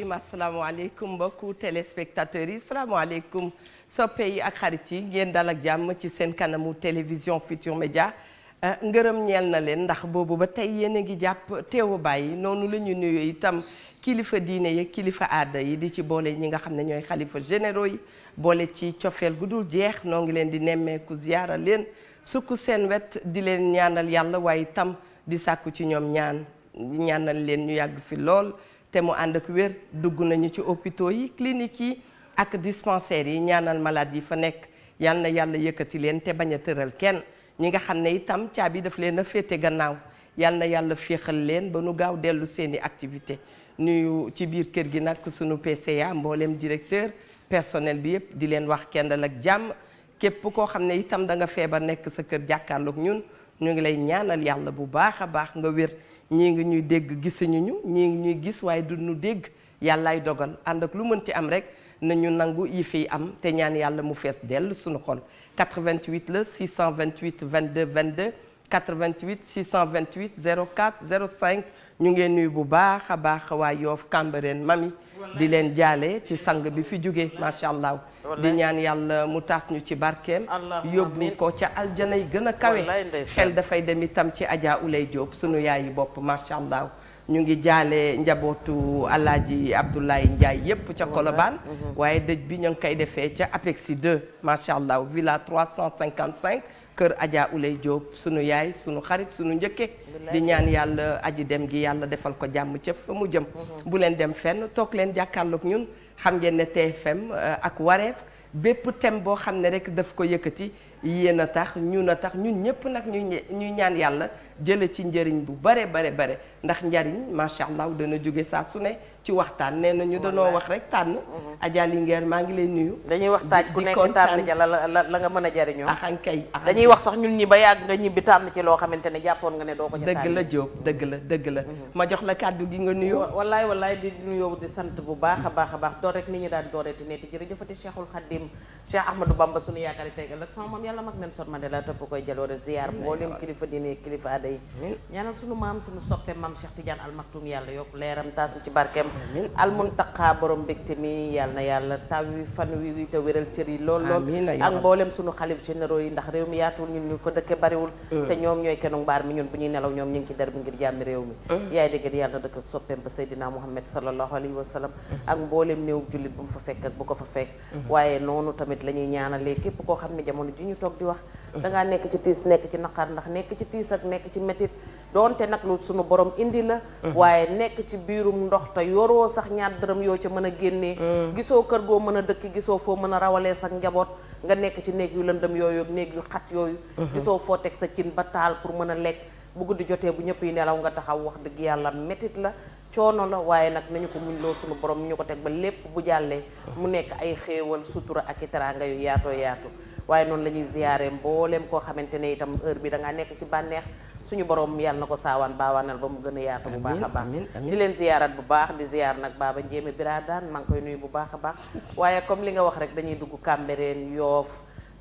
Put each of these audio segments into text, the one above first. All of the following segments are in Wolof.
Ibrahima asalaamaaleykum mbokku téléspectateurs yi asalaamaaleykum soppe yi ak xarit yi ngeen dal ak jàmm ci seen kanamu télévision Futur Média euh, ngërëm ñeel na leen ndax boobu ba tey yéen a ngi jàpp teewu bàyyi noonu la ñu nuyoo itam kilifa diine yi kilifa aada yi di ci boole ñi nga xam ne ñooy xalifa généraux yi boole ci cofeel gu dul jeex noo ngi leen di nemmeeku ziyaara leen sukk seen wet di leen ñaanal yàlla waaye itam di sàkku ci ñoom ñaan ñaanal leen ñu yàgg fi lool te mu ànd ak wér dugg nañu ci hôpitaux yi cliniques yi ak dispensaires yi ñaanal malade yi fa nekk yal na yàlla yëkkati leen te bañ a tëral kenn ñi nga xam ne itam caabi daf leen a féete gannaaw yal na yàlla féexal leen ba nu gaaw dellu seeni activité nuyu ci biir kër gi nag sunu PCA mbooleem directeur personnel bi yëpp di leen wax kendal ak jàmm képp koo xam ne itam da nga feebar nekk sa kër jàkkaarloog ñun ñu ngi lay ñaanal yàlla bu baax a baax nga wér ñii ngi ñuy dégg gisuñu ñu ñii ngi ñuy gis waaye du ñu dégg yàllaay dogal ànd ak lu mën ci am rek nañu nangu yi fiy am te ñaan yàlla mu fees dell suñu xol 88 la 628 22 22 88 628 04 05 ñu ngeen nuyu bu baax a baax waa Yoof Cambérène Mami di leen jaale ci sang bi fi jógee macha allah di ñaan yàlla mu taas ñu ci barkeem yóbbu ko ca aljana yi gën a kawe xel dafay dem itam ci Adja Ulay Diop sunu yaayi bopp macha allah ñu ngi jaale njabootu alaaji Abdoulaye Ndiaye yépp ca Colobane mhm. waaye dëj bi ñu ngi koy defee ca Apexi 2 macha allah villa 355 kër Adja Ouley Diop sunu yaay sunu xarit sunu njëkke di ñaan yàlla aji dem gi yàlla defal ko jàmm ca fa mu jëm mhm. bu leen dem fenn toog leen jàkkaarloog ñun xam ngeen ne TFM euh, ak wareef bépp thème boo xam ne rek daf ko yëkkati yéen a tax ñun a tax ñun ñëpp nag ñu ñuy ñaan yàlla jële ci njëriñ bu bare bare bare ndax njariñ macha allah dana jóge saa su ne ci waxtaan nee na ñu danoo wax rek tànn mm-hmm. Adja Linguère maa ngi leen nuyu dañuy wax taaj ku nekk tànn ja la la la nga mën a jariñoo axankay ah, ah, dañuy wax sax ñun ñi ba yàgg nga ñibbi tànn ci loo xamante ne jàppoon nga ne doo ko ca dëgg la Jóob dëgg la dëgg la mm-hmm. ma jox la kàddu gi nga nuyoo wallaay wallaay di nuyoo di sant bu baax a baax a baax door rek ni ñu daan dooreeti neeti jërëjëfati Cheikhul Khadim Cheikh Ahmadou Bamba suñu yaakaari tegal ak sama yàlla mag Nelson Mandela te bu koy jaloore ziar mboolem kilifa diine kilifa aada yi ñaanal sunu maam sunu soppe maam Cheikh Tidiane almaktum yàlla yokk leeram taasu ci barkeem almuntaqa borom mbégte mi yàlla na yàlla taw wi fan wi wi te wéral cër yi lool lool ak mboolem sunu xalif généraux yi ndax réew mi yaatuwul ñun ñu ko dëkke bariwul euh. te ñoom ñooy ci der euh. ak soppeem ba jullit bu mu fa fekk ak bu ko fa fekk euh. waaye noonu tamit la ñaanalee képp koo xam ne jamono ji toog di wax dangaa nekk ci tiis nekk ci naqar ndax nekk ci tiis ak nekk ci métit doonte nag lu sunu borom indi la waaye nekk ci biirum ndox te yoroo sax ñaar dërëm yoo ca mën a génnee gisoo kër goo mën a dëkk gisoo foo mën a rawalee sax njaboot nga nekk ci néeg yu lëndëm yooyu néeg yu xat yooyu gisoo foo teg sa cin ba taal pour mën a lekk bu guddi jotee bu ñëpp yi nelaw nga taxaw wax dëgg yàlla métit la coono la waaye nag nañu ko muñ loo sunu borom ñu ko teg ba lépp bu jàllee mu nekk ay xéewal sutura ak i teraanga yu yaatoo yaatu waaye noonu la ñuy ziyaare mbooleem koo xamante ne itam heure bi dangaa nekk ci bànneex suñu borom yàlla na ko saawaan baawaanal ba mu gën a yaatu bu baax a baax di leen ziyaarat bu baax di ziyaar nag baaba njéeme biraadaan maa ngi koy nuyu bu baax a baax waaye comme li nga wax dañuy dugg Cambérène Yoof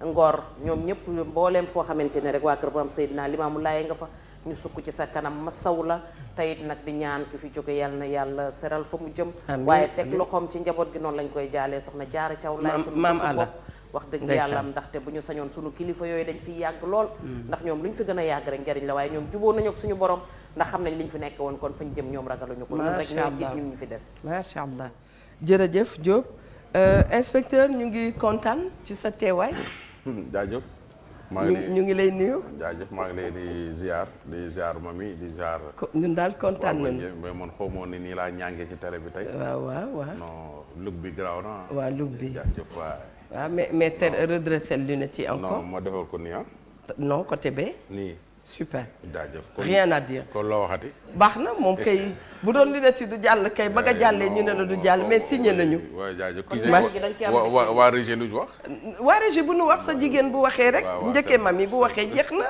Ngor ñoom ñëpp mbooleem foo xamante ne rek waa kër Maam Seydina Limaamu Laay nga fa ñu sukk ci sa kanam ma saw la teyit nag di ñaan ki fi jóge yàlla na yàlla seral fa mu jëm waaye teg loxoom ci njaboot gi noonu lañ koy jaalee soxna jaara caw laay suñu bopp wax dëgg yàlla ndaxte bu ñu sañoon sunu kilifa yooyu dañ fiy yàgg lool mm. ndax ñoom lu ñu fi gën a yàgg rek njariñ la waaye ñoom juboo nañu ak suñu borom ndax xam nañ li fi nekke woon kon fañ jëm ñoom ragaluñu ko ñun rek ñooy jiit ñu allah jërëjëf Diop euh, inspecteur ñu ngi kontaan ci sa teewaay jaajëf maa ñu ngi lay nuyu. jaajëf maa ngi lay di ziar di ziar mami di ziar. ñun daal kontaan nañu mais man xamoo nii laa ñàngee ci télé bi tey. waaw waaw bi garaaw na. waaw lug bi waaw ah, mais mais te redresser lunettes yi encore non ma defal ko nii ah. non coté B. nii super. jaajëf kon rien à dire. kon loo waxati. baax na moom kay bu doon lunettes yi du jàll kay ba nga eh, jàllee ñu ne la du jàll mais signé nañu. waaw jaajëf kii waa waa régie lu ñu wax. waa régie bu nu wax sa jigéen bu waxee rek. njëkkee mami bu waxee jeex na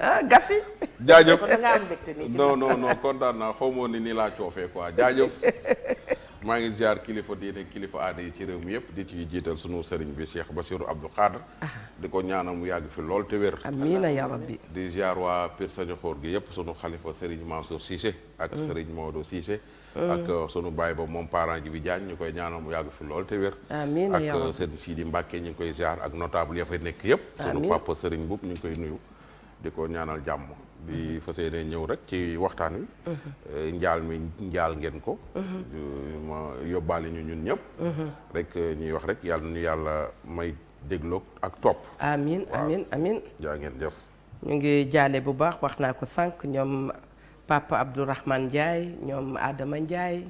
ah gasi. jaajëf kon non non non kontaan naa xaw ma woon ni nii laa coofee quoi jaajo maa ngi ziar kilifa diine kilifa aada yi ci réew mi yëpp di ci jiital sunu sëriñ bi ba Bassirou Abdou Khadre di ko ñaanal mu yàgg fi lool te wér amiin yaa rabbi di ziar waa Pire Saniokhor gi yëpp sunu xalifa sëriñ Mansour Cissé ak mm. sëriñ Maodo Cissé mm. ak euh, sunu baay ba moom parent ji bi Diagne ñu koy ñaanal mu yàgg fi lool te wér amiin ak euh, sëriñ Sidi Mbacke ñu ngi koy ziar ak notable ya fay nekk yëpp sunu papa sëriñ Boub ñu ngi koy nuyu di ko ñaanal jàmm di mhm. fas yéene ñëw rek ci waxtaan wi mhm. eh, njaal mi njaal ngeen ko mhm. ma yóbbaale ñu ñun ñëpp rek eh, ñuy wax rek yàlla yàlla may dégloo ak topp amin amin amin jaa ngeen jëf ñu ngi jaale bu baax wax naa ko sànq ñoom papa Abdourahmane Ndiaye ñoom Adama Ndiaye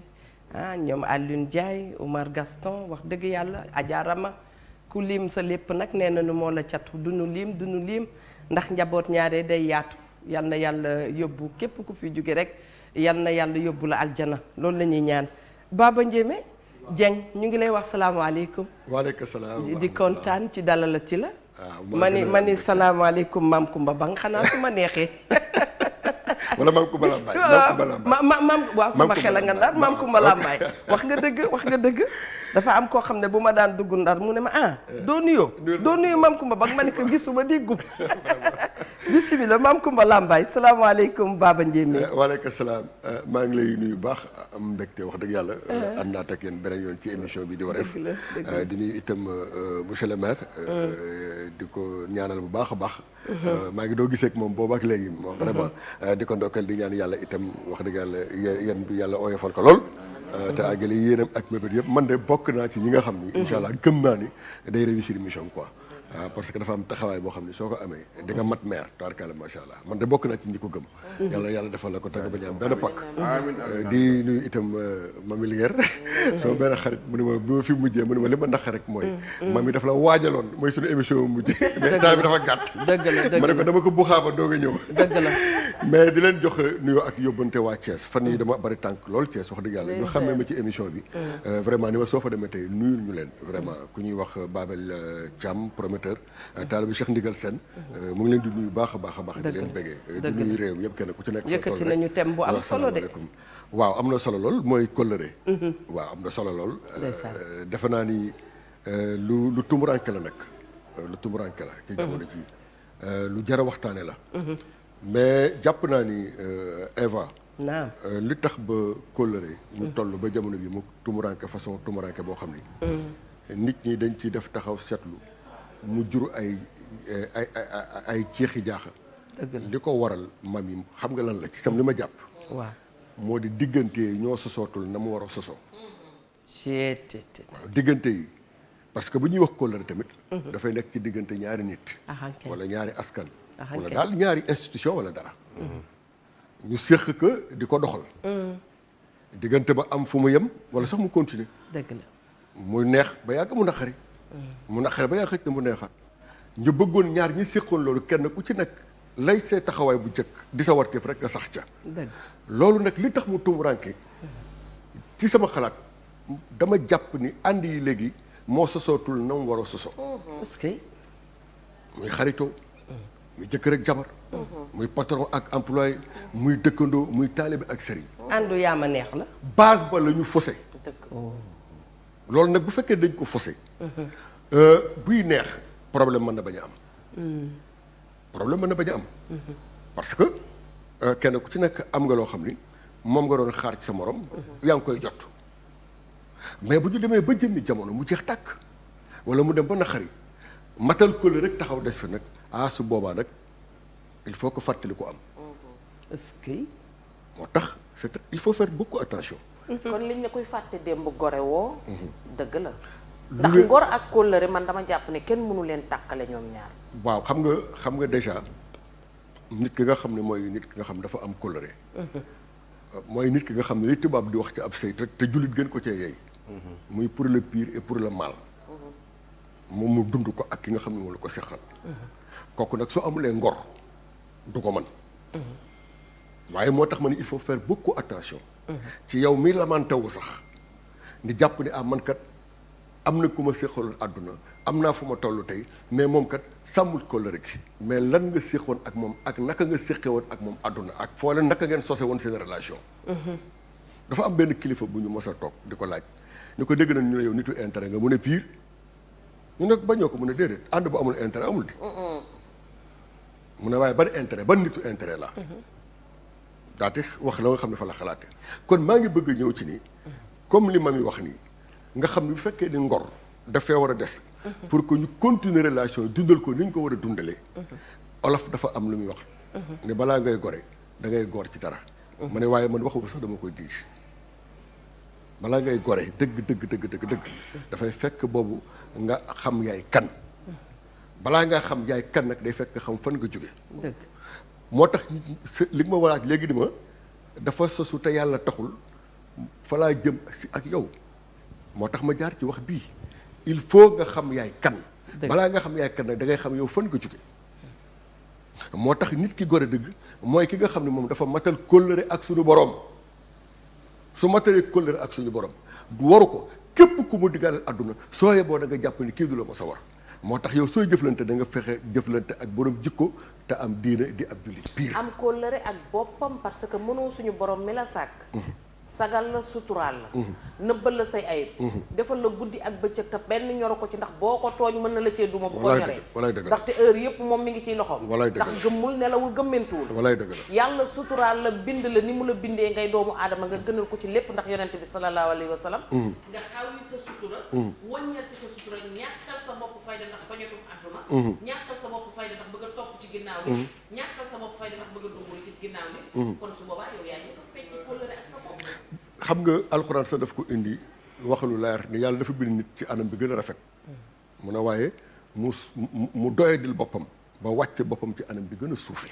ah ñoom Alioune Ndiaye Omar Gaston wax dëgg yàlla Adja ku lim sa lépp nag nee na nu moo la catu du nu lim du nu lim ndax njaboot ñaare day yaatu yal na yàlla yóbbu képp ku fi jóge rek yal na yàlla yóbbu la aljana loolu la ñuy ñaan Baba Ndiémé Dieng ñu ngi lay wax salaamaaleykum. waaleykum salaam di kontaan ci dalalati la. waaw ah, ma ni ma ni salaamaaleykum maam Kumba ba nga xanaa su ma neexee. wala maam Kumba Lambaay maam waaw sama xel a nga ndar maam Kumba Lambaay wax nga dëgg wax nga dëgg dafa am koo xam ne bu ma daan dugg ndar mu ne ma ah eh. doo nuyoo maam Kumba ba ma ne ko gisuma di gub bisimilah maam Kumba Lambaay salaamaaleykum Baba Ndiémé eh, waaleykum salaam eh, maa ngi lay nuyu baax am mbégte wax dëgg yàlla am naa tak yéen beneen yoon ci émission bi di Wareef di nuyu itam monsieur le maire di ko ñaanal bu baax a baax maa ngi doo gisee mom moom boobu ak léegi kon ko ndokkeel di ñaan yàlla itam wax dëgg yàlla yéen bi ko lool euh, te àggale yéenam ak mébét yëpp man de bokk naa ci ñi nga xam ni mhm. incha allah gëm naa ni day réussir mission quoi euh, parce que dafa am taxawaay boo xam ne soo ko amee di nga mat meer tabarkalla macha allah man de bokk mhm. la ko tagg ba ñu am benn ma bi ma fi mujjee mu ne ma li ma naq rek mooy mhm, mami daf la waajaloon mooy suñu émission mujjee mais temps bi dafa gàtt dëgg la ma ne ko dama ko buxaaba doo nga ñëw mais di leen jox nuyoo ak yóbbante waa Thiès fan yi dama bari tànk lool Thiès wax dëgg yàlla ñu xamee ma ci émission bi euh, vraiment ni ma soo fa demee tey nuyul ñu leen vraiment ku ñuy wax euh, Babel euh, Thiam prometteur mm-hmm. taalibu Cheikh Ndigal seen mm-hmm. mu ngi leen di nuyu baax a baax a baax di leen béggee di nuyu réew mi kenn ku ci nekk yëkkati nañu thème bu am solo de waaw am na solo lool mooy kóllëre mm-hmm. waaw am na solo lool defe naa ni lu lu tumuranke la nag lu tumuranke la ci jamono ji lu jara waxtaane la mais jàpp naa ni euh, Eva. naam euh, li tax ba kóllëre. ñu toll ba jamono bi mu tumuranke façon tumuranke boo xam ni. Mm-hmm. nit ñi dañ ciy def taxaw seetlu mu jur ay ay ay ceexi jaaxa. li ko waral mam yi xam nga lan la ci sam li ma jàpp. moo di diggante yi ñoo sosootul na mu war a sosoo. waaw diggante yi parce que bu ñuy wax kóllëre tamit. Mm-hmm. dafay nekk ci diggante ñaari nit. Ah, wala ñaari askan. wala daal ñaari institution wala dara. ñu séq que di ko doxal. Mm. diggante ba am fu mu yem wala sax mu continuer dëgg la mu neex ba yàgg mu naqari. Mm. mu naqari ba yàgg mu neexaat. ñu bëggoon ñaar ñi séqoon loolu kenn ku ci nekk. lay see taxawaay bu njëkk di sa warteef rek nga sax ca. loolu nag li tax mu tumuraanke mm. ci sama xalaat dama jàpp ni ànd yi léegi moo sosootul na mu war a sosoo. Mm-hmm. muy xaritoo. muy jëkk rek jabar muy patron ak employé muy dëkkandoo muy taalibe ak sëriñ àndu yaa ma neex la base ba la ñu fose loolu nag bu fekkee dañ ko fose mhm. euh, buy neex problème mën na bañ a am mhm. problème mën na bañ a am mhm. parce que euh, kenn ku ci nekk am nga loo xam ni moom nga doon xaar ci sa morom yaa ngi koy jot mais bu ñu demee ba jëmmi jamono mu jeex tàkk wala mu dem ba naqari matal ko rek taxaw des fi nag ah su boobaa nag il faut que fàttali ko am. est moo tax c'est il faut faire beaucoup attention. kon liñ ne koy fàtte démb gore woo. Mhm. dëgg la. ndax ngor ak kóllëre man dama jàpp ne kenn mënu leen tàkkale ñoom ñaar. waaw xam nga xam nga déjà nit ki nga xam ne mooy nit ki nga xam dafa am kóllëre. Mhm. mooy nit ki nga xam ne li tubaab di wax ci ab sayt te jullit gën ko cee yey. Mhm. muy pour le piir et pour le mal. moom mu dund ko ak ki nga xam ne moom la ko seqal. kooku nag soo amulee ngor du ko mën waaye moo tax ma ne il faut faire ko attention ci yow mi lamante wu sax ni jàpp ni ah man kat am na ku ma séqaloon àdduna am naa fu ma toll tey mais moom kat sàmmul kóllëre gi mais lan nga séqoon ak moom ak naka nga séqe woon ak moom àdduna ak foo leen naka ngeen sose woon seen relation dafa am benn kilifa bu ñu mos a toog di ko laaj ñu ko dégg nañ ñu ne yow nitu intérêt nga mu ne piir ñu ne bañoo ko a ne déedéet ànd bu amul intérêt mu ne waaye ban intérêt ban nitu intérêt laa daate wax la nga xam ne fa la xalaatee kon maa ngi bëgg ñëw ci ni comme li ma mi wax nii nga xam ne bu fekkee ni ngor dafee war a des pour que ñu continuer relation dundal ko ni ñu ko war a dundalee olof dafa am lu muy wax ne balaa ngay gore da ngay goor ci dara ma ne waaye man waxuma sax dama koy diis balaa ngay gore dëgg dëgg dëgg dëgg dëgg dafay fekk boobu nga xam yaay kan balaa ngaa xam yaay kan nag day fekk nga xam fan nga jóge moo tax li nga ma walaat léegi dafa sosu te yàlla taxul fa laa ak yow moo tax ma jaar ci wax bii il faut nga xam yaay kan balaa nga xam yaay kan da ngay xam yow fan nga jóge moo tax nit ki gore dëgg mooy ki nga xam ne moom dafa matal kóllëre ak suñu borom su matalee kóllëre ak suñu borom waru ko képp ku mu digaaleel àdduna soo yeboo da nga jàpp ni kii du la ma sa war moo tax yow sooy jëflante da nga fexe jëflante ak borom jikko te am diine di ab jullit pire. am kóllëre ak boppam parce que mënoo suñu borom mi la sàkk. Mhm. sagal la suturaal la. Mhm. nëbbal la say ay mhm. defal la guddi ak bëccëg te benn ñoro ko ci ndax boo ko tooñ mën na la cee duma. bu ko ñoree ndaxte heure yëpp moom mi ngi ciy loxoom. ndax gëmmul nelawul gëmmentuwul. walaay dëgg la yàlla suturaal la bind la ni mu la bindee ngay doomu aadama nga gënal ko ci lépp ndax yonent bi sallallahu alayhi wa sallam. fayda mhm. mhm. mhm. xam nga alxuraan sa daf ko indi wax lu leer ne yàlla dafa bind nit ci anam bi gën a rafet mu ne waaye mu mu doyadil boppam ba wàcce boppam ci anam bi gën a suufee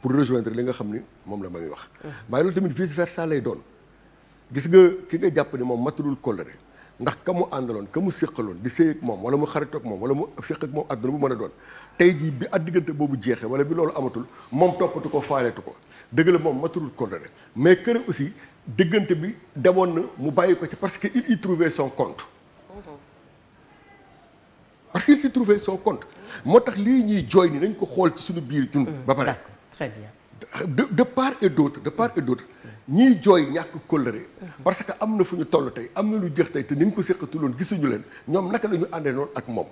pour rejoindre li nga xam ni moom la may wax waaye loolu tamit vice lay doon gis nga ki nga jàpp ni moom matalul kóllëre ndax ka mu àndaloon ka mu séqaloon di séy ak moom wala mu xaritoog moom wala mu séq ak moom àdduna bu mën a doon tey jii bi at diggante boobu jeexee wala bi loolu amatul moom toppatu ko faaleetu ko dëgg la moom maturul condamné mais kër aussi diggante bi demoon na mu bàyyi ko ci parce que il y trouvait son compte mm-hmm. parce qu'il s'y trouvait son compte moo tax lii ñuy joy ni nañ ko xool ci suñu biir dund ba pare très bien de part et d'autre de part ñiy jooy ñàkk kóllëre parce que am na fu ñu toll tey am na lu jeex tey te ni ñu ko séqatuloon gisuñu leen ñoom naka lañu àndee noonu ak moom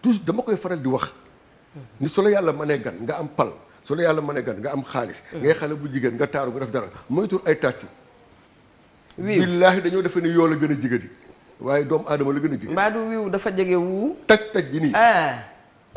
toujours dama koy faral di wax ni su la yàlla mënee gan nga am pal su la yàlla ne gan nga am xaalis ngay xale bu jigéen nga taaru nga def dara moytul ay tàccu billaahi dañoo defe ni yoo la gën a jigéen di waaye doomu aadama la gën a jigéen mbaa du wiiw dafa jege wu taj taj yi nii ah.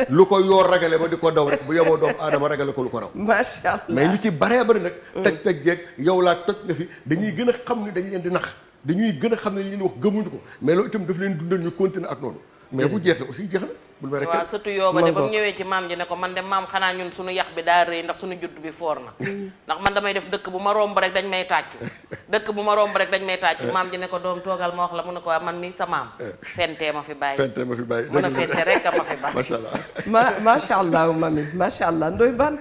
lu ko yoor ragale ba di ko daw rek bu yoboo doomu aadama ragale ko lu ko raw macha allah mais ñu ci baree bari nag teg teg jeeg yow laa toj nga fi dañuy gën a xam ni dañ leen di nax dañuy gën a xam ne li ñu wax gëmuñu ko mais loolu itam daf leen dundal ñu continuer ak noonu mais bu jeexee aussi jeex bul bëri waaw surtout yooba de ba mu ñëwee ci maam ji ne ko man de maam xanaa ñun suñu yax bi daa rëy ndax suñu judd bi foor na mm. ndax man damay def dëkk bu ma romb rek dañ may tàccu dëkk bu ma romb dañ may tàccu eh. maam ji ne ko doom toogal ma wax la mu ne ko waa man mii sa maam eh. fentee ma fi bàyyi fentee ma fi bàyyi mun a fente rek ma fi bàyyi macha allah ma macha allah mami macha allah ndoy ban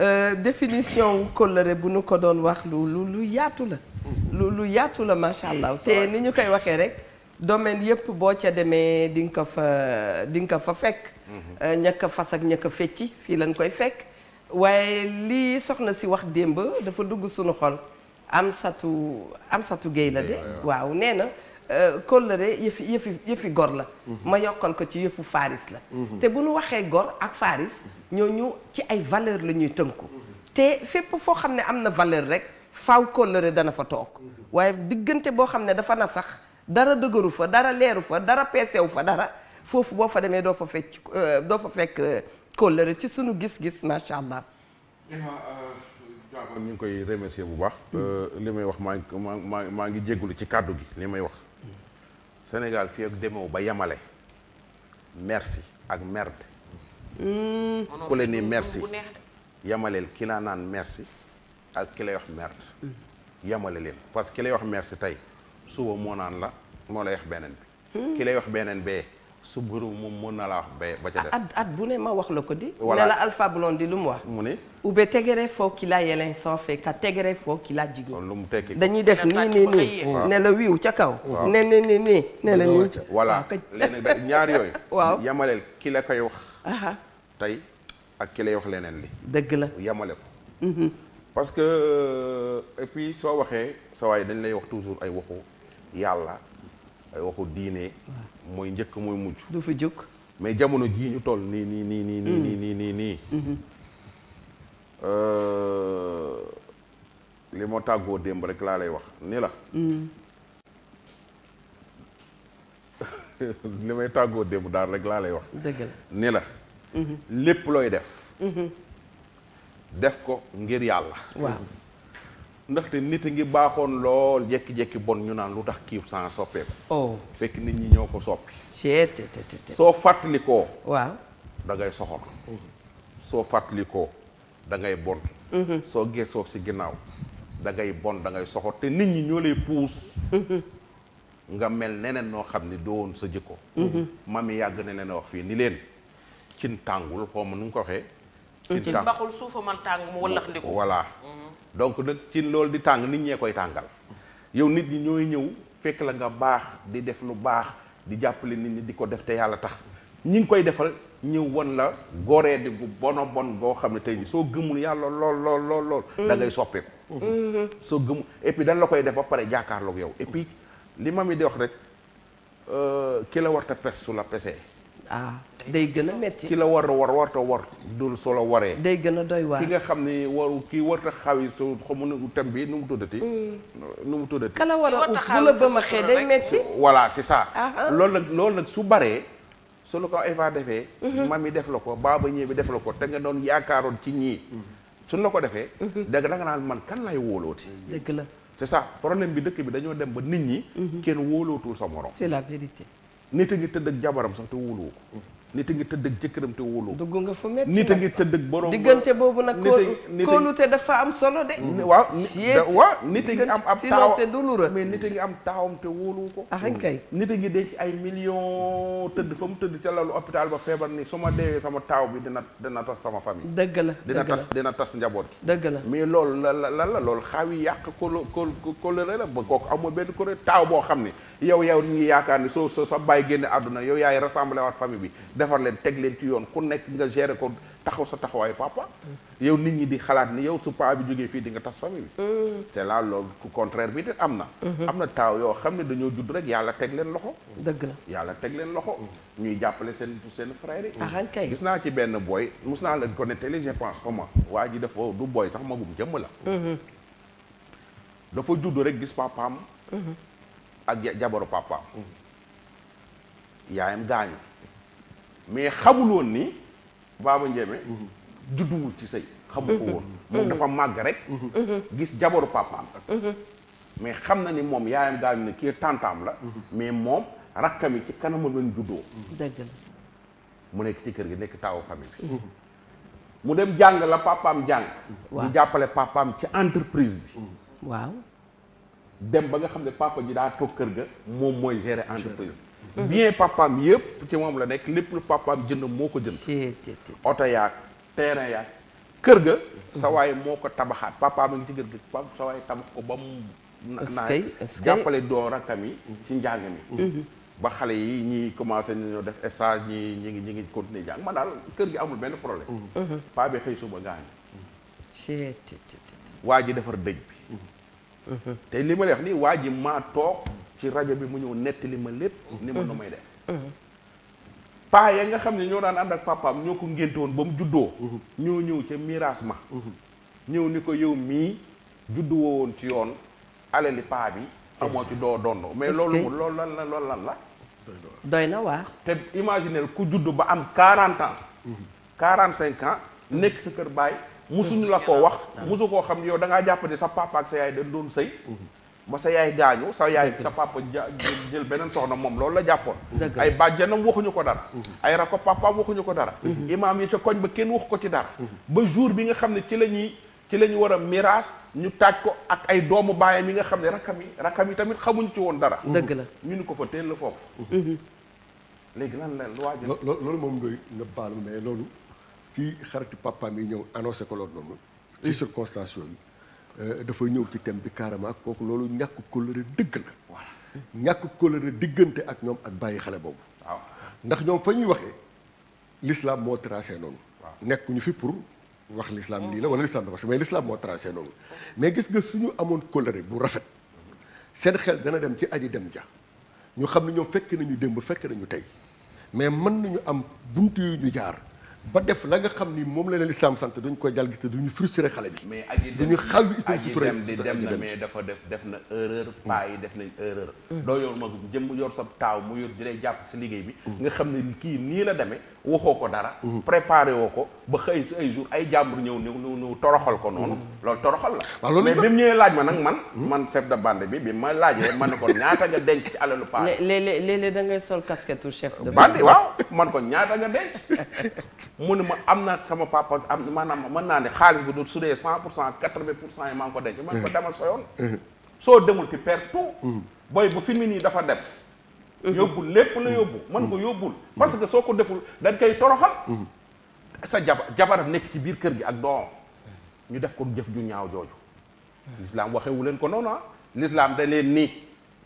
euh, définition kóllëre bu nu ko doon wax lu lu lu yaatu la mm. lu lu yaatu la macha allah mm. te ni ñu koy waxee rek domaine yëpp boo ca demee di nga ko fa di nga ko fa fekk mhm. euh, ñakka fas ak ñakka fecci fii lañ koy fekk waaye li soxna si wax démb dafa dugg suñu xol am satu am satu géey la de waaw nee na euh, kóllëre yëfi yëfi yëfi gor la mhm. ma yokkal ko ci yëfu faaris la mhm. te bu nu waxee gor ak faaris ñooñu ci ay valeur la ñuy tënku te fépp foo xam ne am na valeur rek faw kóllëre dana fa toog waaye diggante boo xam ne dafa na sax dara dëgëru fa dara leeru fa dara peesew fa dara foofu boo fa demee doo fa fekk euh, doo fa fekk euh, kóllëre ci suñu gis-gis macha allah. Euh, ñu ngi koy remercier bu baax. li may wax maa ngi maa ngi jégalu ci kàddu gi li may wax. Sénégal fii ak ba yamale. merci ak merde. Hmm. ku la ni merci yamaleel ki naan merci ak ki lay wax merde. Hmm. yamale leen parce que ki lay wax merci tey suba moo naan la moo lay wax beneen bi hmm. ki lay wax beneen bee su boroom mu mën na la wax bee ba ca def at at bu ne ma wax la ko di voilà ne la Alpha Blondy lu mu wax mu ne ube tegere foo kila yelen sanfé ka tegere foo kila jigéen lu mu tekki dañuy def nii nii nii ne la wiiw ca kaw ne ne ne nii ne la nii voilà léegi nag ñaar waaw yamaleel ki la koy wax tey ak ki wax leneen li dëgg la yamale ko mm-hmm. parce que euh, et puis soo waxee sa waay dañ lay wax toujours ay waxu yàlla ay waxu diine. mooy njëkk mooy mujj. du fi jóg. mais jamono jii ñu toll nii nii nii nii nii nii mm. mm-hmm. euh, li ma tàggoo démb rek laa lay wax ni la. Mm. li may tàggoo démb daal rek laa lay wax. dëgg ni la. Mm-hmm. lépp looy def. Mm-hmm. def ko ngir yàlla. waaw. ndaxte nit a ngi baaxoon lool jekki-jekki bon ñu naan lu tax kii sans soppeeku. oh fekk nit ñi ñoo ko soppi. soo fàttalikoo. waaw da ngay soxor. soo fàttalikoo da ngay bon. Mm-hmm. soo gëstoo si ginnaaw dangay bon da ngay soxor te nit ñi ñoo lay puus. Mm-hmm. nga mel neneen noo xam ni doon sa jikko. Mm-hmm. mami yàgg na leen a wax fii ni leen cin tàngul xaw ma nu nga ko waxee. cin baxul suufa man tàng mu walax ko voilà mm-hmm. donc nag cin loolu di tàng nit ñee koy tàngal yow nit ñi ñooy ñëw fekk la nga baax di def lu baax di jàppale nit ñi di ko def te yàlla tax ñi ngi koy defal ñëw won la goree di gu bono bon goo xam ne tey jii soo gëmul yàlla lool lool lool lool mm-hmm. da ngay soppeeku mm-hmm. soo gëmul et puis la koy def ba pare jàkkaarloog yow et puis li ma mi di wax rek euh, ki la war ta pes su la pesee ah day gën a metti ki la war a war warta war dul soo la waree day gën a doy waar ki nga xam ne waru kii warta xaw yi su xamu gu tam bi nu mu tuddati mm. nu mu tuddati kala war a ut bu la ba ma xee day metti voilà c'est ça ah, ah. loolu nag loolu nag su baree su la ko Eva defee mhm. mami def la ko baaba ñëw bi def la ko te nga doon yaakaaroon ci ñii mhm. suñ la ko defee mhm. dëgg da nga man kan lay wóolooti dëgg la c'est ça problème bi dëkk bi dañoo dem ba nit ñi kenn wóolootul sa morom c'est la vérité nit a ngi tëdd ak jabaram sax te wóoluwu ko nit a ngi tëdd ak jëkkëram te wóolu. dugg nga fu métti nit a ngi tëdd ak borom. diggante boobu nag kóolute dafa am solo de. waaw waaw nit a ngi am am taaw mais nit a ngi am taawam te wóolu ko. ah kay mm. nit a ngi denc ay million tëdd fa mu tëdd ca lalu hôpital ba feebar ni su ma deewee sama taaw bi dina dina tas sama famille. dëgg la dina tas dina tas njaboot. dëgg la mais loolu la la la loolu xaaw yi yàq kóol kóol kóolere la ba kooku amul benn kóolere taaw boo xam ne yow yow ñu ngi yaakaar ni soo sa baay génne àdduna yow yaay rassemblé waat famille bi defar leen teg leen ci yoon ku nekk nga gérer ko taxaw sa taxawaayu papa. yow nit ñi di xalaat ni yow su paa bi jógee fii di nga tas famille bi. Mm. c'est là loolu contraire bi te am na. Mm-hmm. am na taaw yoo xam ne dañoo judd rek yàlla teg leen loxo. dëgg la yàlla teg leen loxo. ñuy jàppale seen seen frère yi. gis naa ci benn booy mus naa leen connecté les je pense comment waa ji dafa du boy sax magum jëmm la. Mm-hmm. dafa judd rek gis papaam. Mm-hmm. ak jabaru papaam. yaayam mais xamul woon ni Baba Ndiémé judduwul ci sëy xamu ko woon moom dafa màgg rek gis jabaru papaam mais xam na ni moom yaayam gaañu ne kii tantaam la mais moom rakkam yi ci kanamam lañ juddoo dëgg mu nekk ci kër gi nekk taawu famille mu dem jàng la papaam jàng ñu jàppale papaam ci entreprise bi waaw dem ba nga xam ne papa ji daa toog kër ga moom mooy gérer entreprise bi Mm-hmm. bien papaam yëpp ci moom la nekk lépp lu papaam jënd moo ko jënd oto yaag terrain yaag kër ga sawaay mm-hmm. moo ko tabaxaat papaam a ngi ci kër ga sa waay tabax ko ba mu naa jàppale doo rakkam yi ci njàng mi mm-hmm. ba xale yi ñi commencé nañoo def stage ñi ñi ngi ñi ngi continuer jàng ma daal kër gi amul benn problème paa bi xëy suba gaañu waa ji defar dëj bi te li ma lay nii waa ji maa toog ci rajo bi mu ñëw nettali ma lépp ni ma nu may def mm-hmm. Mm-hmm. paa ya nga xam ne ñoo daan ànd ak papaam ñoo ko ngénte woon ba mu juddoo mm-hmm. ñoo ñëw ca miraas ma ñëw ni ko yow mii juddu woon ci yoon alali paa bi amoo ci doo dondoo mais loolu mu loolu lan la loolu lan la doy na waa te imaginer ku juddu ba am quarante ans quarante cinq ans nekk sa kër baay musuñu la ko wax musu koo xam yow da ngaa jàpp ne sa papa ak sa yaay dañ doon sëy ba sa yaay gaañu sa yaay sa papa jël beneen soxna moom loolu la jàppoon ay bàjjanam waxuñu ko dara mhm. ay rako papaam waxuñu ko dara mhm. imaam yi ca koñ ba kenn waxu ko ci dara mhm. ba jour bi nga xam ne ci la ñuy ci la ñu war a miraas ñu taaj ko ak ay doomu baayam mi nga xam ne rakam yi rakam yi tamit xamuñ ci woon dara dëgg la ñu ni ko fa teel la foofu léegi lan la lu waaj loolu moom nga nga baal mais loolu ci xaritu papaam yi ñëw annoncé ko loolu noonu ci circonstance yooyu Euh, dafa ñëw ci thème bi carrément kooku loolu ñàkk kóllëre dëgg la. ñàkk kóllëre diggante ak ñoom ak bàyyi xale boobu. waaw ndax ñoom fa ñuy waxee lislaam moo tracé noonu. waaw ñu fi pour wax l'islam lii la mm. wala l'islam dafa si mais l'islam moo tracé noonu. mais gis nga suñu amoon kóllëre bu rafet seen xel dana dem ci aji dem ja ñu xam ne ñoo fekk nañu démb fekk nañu tey mais man nañu am bunt yu ñu jaar. ba def la nga xam ni moom la leen islam sant duñ koy jalgi te duñu frustré xale bi. mais aji dem duñu xaw yi itam sutura dem dem na mais dafa def def na erreur. Mm. paa yi def nañ erreur. Mm. doo yor ma jëm yor sa taaw mu yor di lay jàpp si liggéey bi. Mm. nga xam ne kii nii la demee. waxoo ko dara. Mm-hmm. préparé woo ko ba xëy si ay jour ay jàmbur ñëw ñëw ñëw toroxal ko noonu. Mm-hmm. loolu toroxal la. mais bi mu ñëwee laaj ma nag man. Mm-hmm. man chef de bande bi bi ma ne ko ñaata nga denc ci alalu paa. léeg-léeg léeg-léeg da ngay sol casquette u chef de bande waaw man ko ñaata nga denc. mu ne ma am na sama papa am maanaam mën naa ne xaalis bu du su dee cent pour cent quatre-vingt pour cent yi maa ko denc. man ko soo demul ci perte tout. booy bu fi mu nii dafa dem. Mm-hmm. yóbbul lépp la yóbbu mm-hmm. mën ko mm-hmm. yóbbul parce que soo ko deful dañ koy toroxal sa jabar jabaram nekk ci biir kër gi ak doom ñu def ko jëf ju ñaaw jooju l'islam waxewu leen ko noonu ah l'islam da leen ni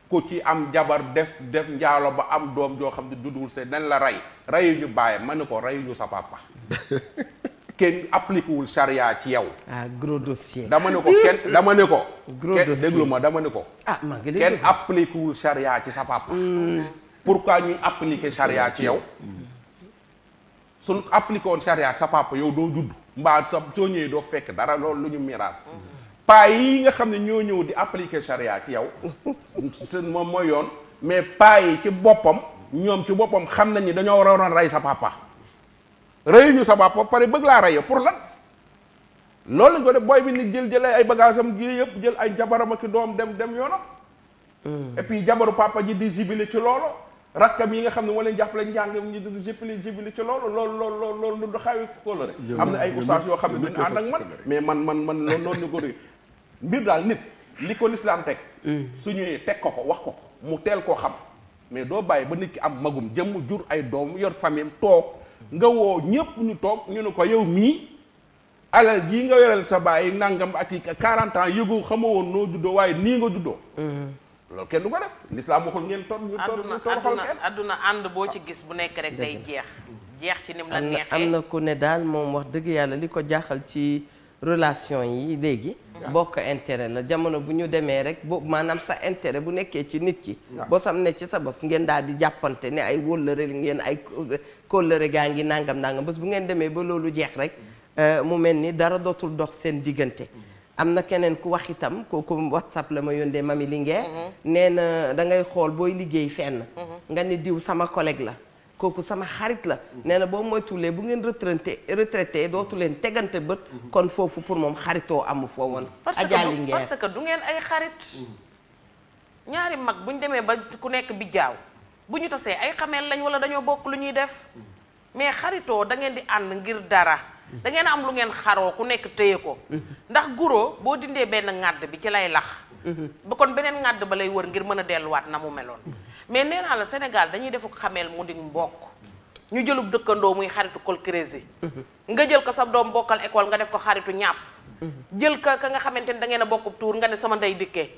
ku ci am jabar def def njaalo ba am doom joo xam ne dudul se dañ la rey reyu ñu bàyyi ma ne ko reyu ñu sa papa kenn appliqué wul charia ci yow. ah gros dossier. dama ne ko kenn dama ne ko. gros dossier ma dama ne ko. ah ma ngi kenn ci sa papa. Hmm. pourquoi ñuy appliquer charia ci yow. Hmm. suñ appliqué woon charia sa papa yow doo judd. mbaa sa soo ñëwee doo fekk dara loolu lu ñu miraas. Hmm. paa yi nga xam ne ñoo ñëw di appliquer charia ci yow. seen moom mooy yoon. mais paa yi ci boppam. ñoom ci boppam xam nañ ni dañoo waroon a ray sa papa. reyuñu sa bopp pare bëgg laa rey pour lan loolu lañ ko def booy bi nit jël jëlee ay bagages am gi yëpp jël ay jabaram ak doom dem dem yoonam. Hmm. et puis jabaru papa ji di jibile ci loolu rakkam yi nga xam ne moo leen jàppale njàng ñi di jibile jibile ci loolu loolu loolu loolu du xawi kóolare am na ay oustaz yoo xam ne dañ ànd ak man mais man man man loolu noonu ñu ko mbir daal nit li ko lislaam teg hmm. su ñëwee teg ko wax ko mu teel koo xam mais doo bàyyi ba nit ki am magum jëmm jur ay doom yor famille too nga woo ñëpp ñu toog ñu ne ko yow mii alal jii nga yoreel sa baay nangam ati 40 ans yëgu xama woon noo juddoo waaye nii nga juddoo. Mm-hmm. loolu kenn du ko def lislaam waxul ngeen toog ñu toog ñu toog adduna ànd boo ci gis bu nekk rek day jeex. jeex ci nim la neexee am na ko ne daal moom wax dëgg yàlla li ko jaaxal ci. relation yi léegi bokk intérêt la jamono bu ñu demee rek boobu maanaam sa intérêt bu nekkee ci nit ki bosam ne ci sa bos ngeen daal di jàppante ne ay wóllëre ngeen ay kóllëre gaa ngi nàngam nangam bés bu ngeen demee ba loolu jeex rek euh, mu mel ni dara dootul dox seen diggante am na keneen ku wax itam kooku whatsapp la ma yóndee mami Linguère mm-hmm. nee na da ngay xool booy liggéey fenn mm-hmm. nga ni diw sama collègue la kooku sama xarit la nee na boo moytuwulee bu ngeen retraité retraité dootu leen tegante bët kon foofu pour moom xaritoo amu foo woon ajaali ngeen parce que du ngeen ay xarit ñaari mag bu ñu demee ba ku nekk bi jaaw bu ñu tasee ay xameel lañ wala dañoo bokk lu ñuy def mais xaritoo da ngeen di ànd ngir dara da ngeen am lu ngeen xaroo ku nekk téye ko mhm. ndax guro boo dindee benn ŋàdd bi ci lay lax mhm. ba kon beneen ŋàdd ba lay wër ngir mën a delluwaat na mu meloon mhm. mais nee naa la Sénégal dañuy defu xameel mu di mbokk ñu jëlub dëkkandoo muy xaritu col creusi nga jël ko sa doom bokkal école nga def ko xaritu ñàpp jël ka ka nga xamante ni da ngeen a bokkub tuur nga ne sama ndey dikkee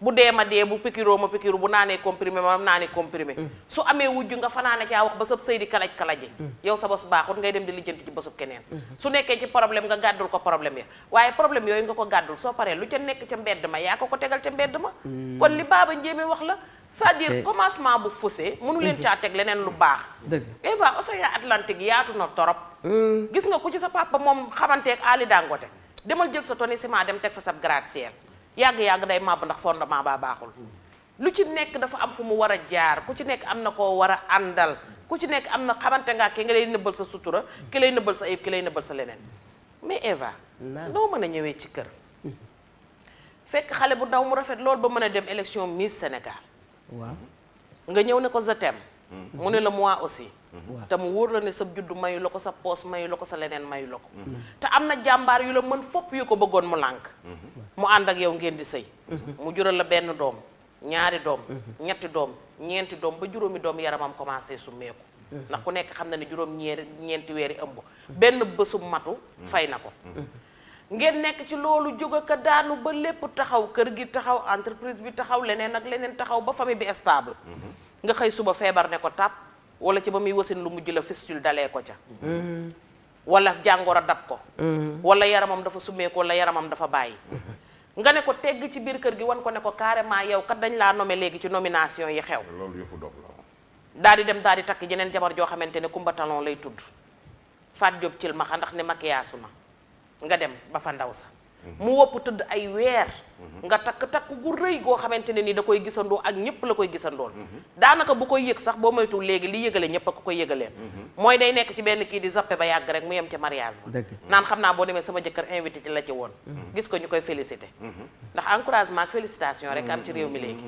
bu dee ma dee bu pikiroo ma pikiru bu naanee comprimé ma naanee comprimé mm. su amee wujju nga fanaane caa wax ba sab sëy di kalaj kalaje mm. yow sa bos baaxut ngay dem di lijjanti ci bosub keneen mm. su nekkee ci problème nga gàddul ko problème ya waaye problème yooyu nga ko gàddul soo paree lu ca nekk ca mbedd ma yaa ko ko tegal ca mbedd ma kon li baaba njéeme wax la cest à commencement bu faussé mënu leen mm-hmm. caa teg leneen lu baax Eva océan Atlantique yaatu na torop gis nga ku ci sa papa moom xamanteeg Ali Dangote jël sa tonni ciment dem teg fa sab gratte-ciel yàgg-yàgg day màbb ndax maa baa baaxul lu ci nekk dafa am fu mu war a jaar ku ci nekk am na koo war a àndal ku ci nekk am na xamante nga ki nga lay nëbbal sa sutura ki lay nëbbal sa ay ki lay nëbbal sa leneen mais Eva loo mën a ñëwee ci kër fekk xale bu ndaw mu rafet loolu ba mën a dem élection Miss Sénégal waaw nga ñëw ne ko je t'aime mu ne la moi aussi te mu wóor la ne sa juddu mayu la ko sa poos mayu la ko sa leneen mayu la ko te am na jàmbaar yu la mën fopp yu ko bëggoon mu lànk mu ànd ak yow ngeen di sëy mu jural la benn doom ñaari doom ñetti doom ñeenti doom ba juróomi doom yaramam commencé summeeku ndax ku nekk xam na ne juróom ñeeri ñeenti weeri ëmb benn bésu matu fay na ko ngeen nekk ci loolu jóg ak daanu ba lépp taxaw kër gi taxaw entreprise bi taxaw leneen ak leneen taxaw ba famille nga xëy suba feebar ne ko tàpp wala ci ba muy wasin lu mujj la fistule dalee ko ca wala jàngoro dab ko wala yaramam dafa summeeku wala yaramam dafa bàyyi nga ne ko tegg ci biir kër gi wan ko ne ko carrément yow kat dañ laa nommé léegi ci nomination yi xew loolu yëfu dog la daal di dem dal di takk jeneen jabar joo xamante ne Kumba Talon lay tudd Faat Jóob cil maxa ndax ne maquillage ma nga dem ba fa ndaw sa mu wopp tëdd ay weer nga takk takk gu rëy goo xamante ne nii da koy gisandoo ak ñëpp la koy gisandool daanaka bu koy yëg sax boo moytu léegi li yëgale ñëpp ak ko koy yëgaleen mooy day nekk ci benn kii di zappe ba yàgg rek mu yem ci mariage ba naan xam naa boo demee sama jëkkër invité ci la ci woon gis ko ñu koy félicité ndax encouragement ak félicitation rek am ci réew mi léegi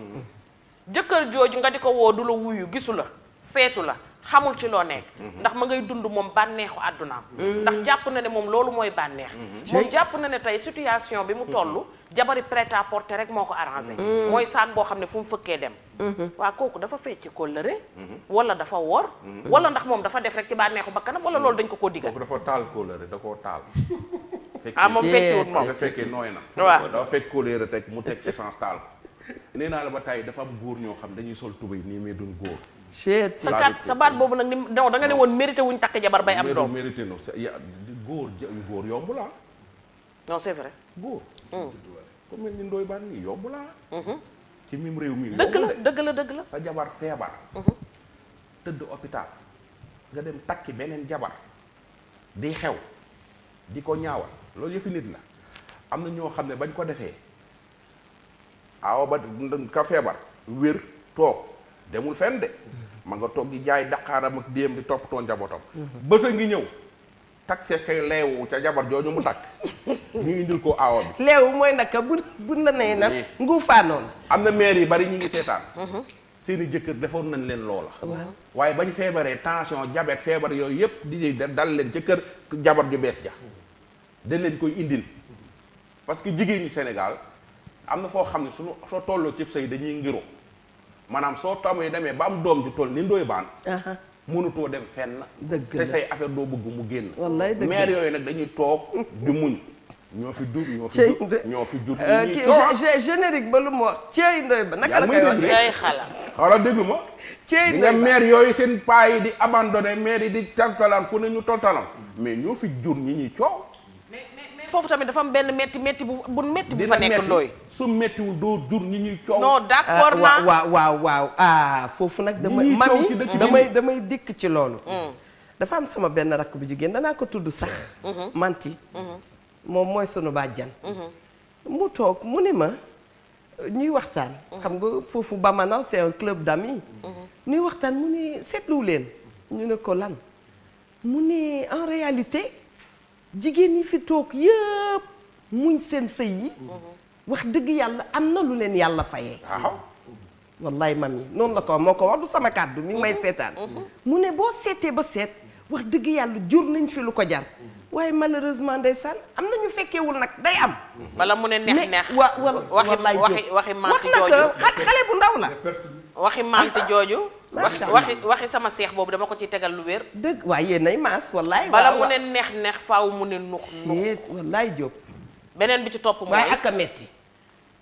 jëkkër jooju nga di ko woo du la wuyu gisu la seetu la xamul ci loo nekk ndax ma ngay dund moom bànneexu àddunaam mm-hmm. ndax jàpp na ne moom loolu mooy bànneex mm-hmm. moom jàpp na ne tey situation bi mu mm-hmm. toll jabari prêt à rek moo ko arrangé mooy saak boo xam ne fu mu fëkkee dem waa kooku dafa fecc kóllëre wala dafa wor wala ndax moom dafa def rek ci bànneexu bakkanam wala loolu dañ ko ko digal dafa taal kóllëre da koo taal ah moom fecciwut moom fekkee nooy na waaw dafa fekk kóllëre teg mu teg essence taal ko nee naa la ba tey dafa am góor ñoo xam dañuy sol tubéy nii mais duñ góor sa kat sa baat boobu nag ni non da nga ne woon mérité wuñ takk jabar bay am doom mérité no góor góor yomb laa non góor hmm. ku mel ni ndooy baan nii yomb laa hmm. ci mim réew mi dëgg la dëgg la dëgg la sa jabar feebar hmm. tëdd hôpital nga dem takki beneen jabar di xew di ko ñaawal loolu yëfi nit la am na ñoo xam ne bañ ko defee awa ba ka feebar wér toog demul fenn de ma nga toog di jaay daqaaram ak déem di toppatoo njabootam bësa ngi ñëw taxe kay leewu ca jabar jooju mu takk ñu indil ko aawa bi leewu mooy naka bu bu la nee na nguufaanoon am na maire yi bari ñu ngi seetaan seeni jëkkër defoon nañ leen loola waaye bañ feebaree tension diabète feebar yooyu yëpp di dal leen ca kër jabar ju bees ja dañ leen koy indil parce que jigéen ñi Sénégal am na foo xam ne suñu soo tolloo cib sëy dañuy ngiro maanaam soo tàmmee demee ba am doom ju toll ni ndoy baan mënutoo dem fenn dëgg te say affaire doo bëgg mu génn wallaay dëgg yooyu nag dañuy toog di muñ ñoo fi dur ñoo fi jur ñoo fi jur kii générique ba lu mu wax ceey ndoy ba naka la koy wax ceey xalaat xalaat déglu ma yooyu seen paa di abandonné maire yi di tantalaan fu ne ñu mais ñoo fi jur ñi ñuy coow foofu tamit dafa am benn metti metti bu bu metti bu fa nekk ndooy su mettiwul doo jur ñi ñuy coow non d'accord ah, waaw waaw waaw ah foofu nag dama mami damay dikk ci loolu mm. Mm. dafa am sama benn rakk bu jigéen danaa ko tudd sax mm-hmm. Mm-hmm. manti mm-hmm. moom mooy sunu bàjjan mu toog mu ni ma ñuy waxtaan xam nga foofu Bamana c'est un club d'amis ñuy waxtaan mu ni seetlu leen ñu ne ko lan mu ni en réalité jigéen ñi fi toog yëpp muñ seen sëy yi mhm. wax dëgg yàlla am na lu leen yàlla fayee wallaay mam yi noonu la ko moo ko wax du sama kàddu mi may mhm. seetaan mhm. mu ne boo seetee ba seet wax dëgg yàlla jur nañ fi lu ko jar waaye malheureusement ndeysaan am na ñu fekkeewul nag day am. bala mu ne neex neex wa wa waxi waxi waxi. mante jooju wax na ndaw la. waxi mante jooju. wax waxi waxi sama seex boobu dama ko ci tegal lu wér. dëgg waaye yéen ay maas wallaay. bala mu ne neex neex faaw mu ne nux nux. wallaay Diop. beneen bi ci topp mooy waaye ak a metti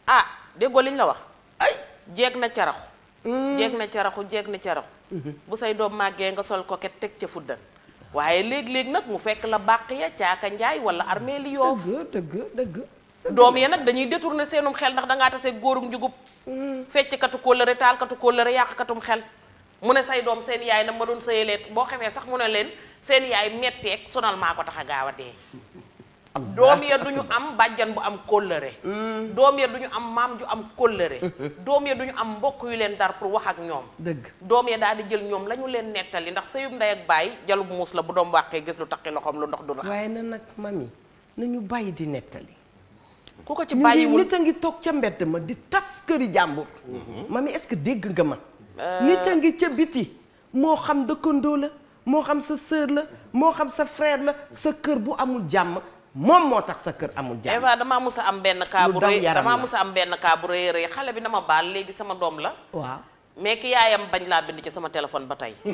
ah déggoo liñ la wax. ay jeeg na caraxu. Mm. jeeg na caraxu jeeg na caraxu. Mhm. bu say doom màggee nga sol koket teg ca fuddan. waaye léeg-léeg nag mu fekk la bàq ya caaka njaay wala armée li yoof. dëgg dëgg doom ya nag dañuy détourner seenum xel ndax dangaa tase góorum njugub. Mm. fecc katu kóllëre taal katu kóllëre xel. mu ne say doom seen yaay nag ma doon leen boo xefee sax mu ne leen seen yaay metteeg sonal maa ko taxa a gaaw a dee doom ya du ñu am bàjjan bu am kóllëre mm. doom ya du ñu am maam ju am kóllëre doom du ñu am mbokk yu leen dar pour wax ak ñoom dëgg doom daal di jël ñoom la ñu leen nettali ndax sëyub ndey ak bàyyi jalub muus la bu doom wàqee gis lu taqi loxoom lu ndox du raxas waaye na nag mami na ñu bàyyi di nettali ku ko ci bàyyiwul nit a ngi toog ca mbedd ma di tas këri jàmbur mm-hmm. mami est-ce que dégg nga Euh, nit a ngi ca biti moo xam dëkkandoo la moo xam sa sœur la moo xam sa frère la sa kër bu amul jàmm moom moo tax sa kër amul jàmm. Eva damaa mus a am benn cas bu rëy damaa mus a am benn cas bu rëy xale bi na ma baal léegi sama doom la. waaw mais ki yaayam bañ laa bind ci sama téléphone ba tey.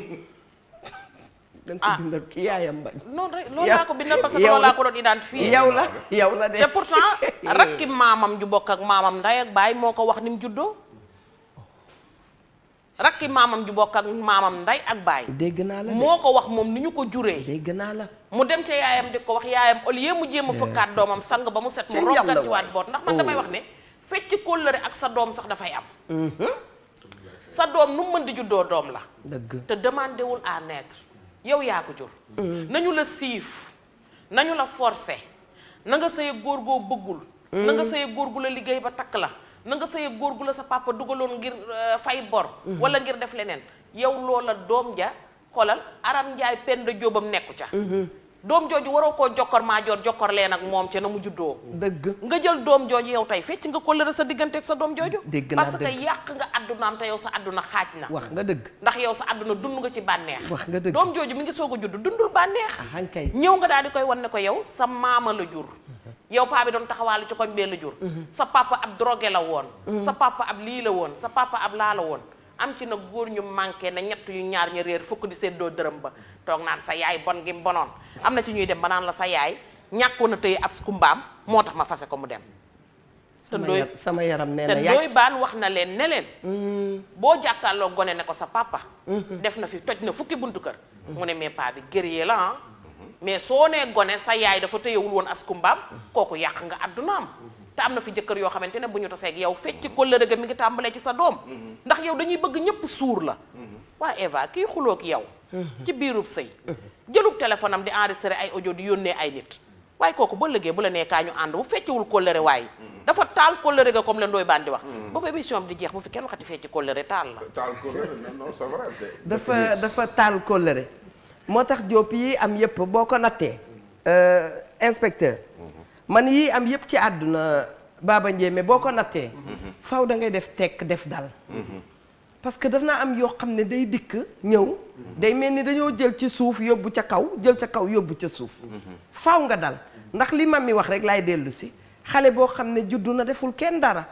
ah da nga ko bindal ki yaayam bañ. non rek loolu laa ko bindal parce que loolu laa ko doon fii yow la yow la de. te pourtant rakki maamam ju bokk ak maamam nday ak baay moo ko wax ni mu juddoo. rakki maamam ju bokk ak maamam nday ak baay. dégg naa la moo ko wax moom ni ñu ko juree. dégg naa la mu dem ca yaayam di ko wax yaayam au lieu mu jéem a fëkkaat doomam sang ba mu set. mu rokkatiwaat boot ndax man damay oh. wax ne. fecc kóllëre ak sa doom sax dafay am. Mm-hmm. sa doom nu mu mën di juddoo doom la. dëgg te demandé wul à naître yow yaa ko jur. Mm. nañu la siif nañu la forcer na nga sëy góor goo bëggul. Mm. na nga sëy góor gu la liggéey ba takk la. na nga sëy góor gu la sa papa dugaloon ngir euh, fay bor mhm. wala ngir def leneen yow loola doom ja xoolal aram njaay penda jóobam nekku ca mhm. doom jooju waroo koo jokkor maa joor jokkor leen ak moom ci na mu juddoo. dëgg nga jël doom jooju yow tey fecc nga ko lëre sa diggante ak sa doom jooju. dëgg parce que yàq nga addunaam te yow sa àdduna xaaj na. wax nga dëgg ndax yow sa adduna dund nga ci bànneex. wax nga dëgg doom jooju mi ngi soog a judd dundul bànneex. kay ñëw nga daal di koy wan ne ko yow sa maama la jur. yow paa bi doon taxawaalu ci koñ bee la jur. Mhm. sa papa ab drogué la woon. Mhm. sa papa ab lii la woon sa papa ab laa la woon. am ci nag góor ñu manqué na ñett yu ñaar ñu réer fukk di seddoo dërëm ba toog naan sa yaay bon gi bonoon am na ci ñuy dem ba naan la sa yaay ñàkk ñàkkoon a tëye ab skumbaam moo tax ma fase ko mu dem te dooy sama yaram nee na te baan wax na leen ne leen mm-hmm. boo jàkkaarloo gone ne ko sa papa mm-hmm. def na fi toj na fukki buntu kër mu ne mais paa bi guerrier la ah mm-hmm. mais soo nee gone sa yaay dafa tëyewul woon askumbaam kooku yàq nga am am na fi jëkkër yoo xamante ne bu ñu taseeg yow fecc kóllëre ga mi ngi tàmbalee ci mm-hmm. ndax yow dañuy bëgg ñëpp suur la mm-hmm. waa Eva kii yow mm-hmm. ci biirub sëy jëlub téléphone am di enregistré ay audio di yónnee ay nit waaye kooku ba lëggee bu la nee ñu ànd bu feccewul kóllëre waaye dafa taal kóllëre ga comme la baan di wax boobu émission bi di jeex bu fi kenn waxati fecci kóllëre taal la taal kóllëre non c'est vrai dafa dafa taal kóllëre moo tax Diop yi am yëpp boo ko nattee euh, inspecteur man yii am yëpp ci àdduna Baba njéemé boo ko nattee faw da ngay def tekk def dal parce que daf naa am yoo xam ne day dikk ñëw day mel ni dañoo jël ci suuf yóbbu ca kaw jël ca kaw yóbbu ca suuf faw nga dal ndax li mam mi wax rek laay dellu si xale boo xam ne juddu na deful kenn dara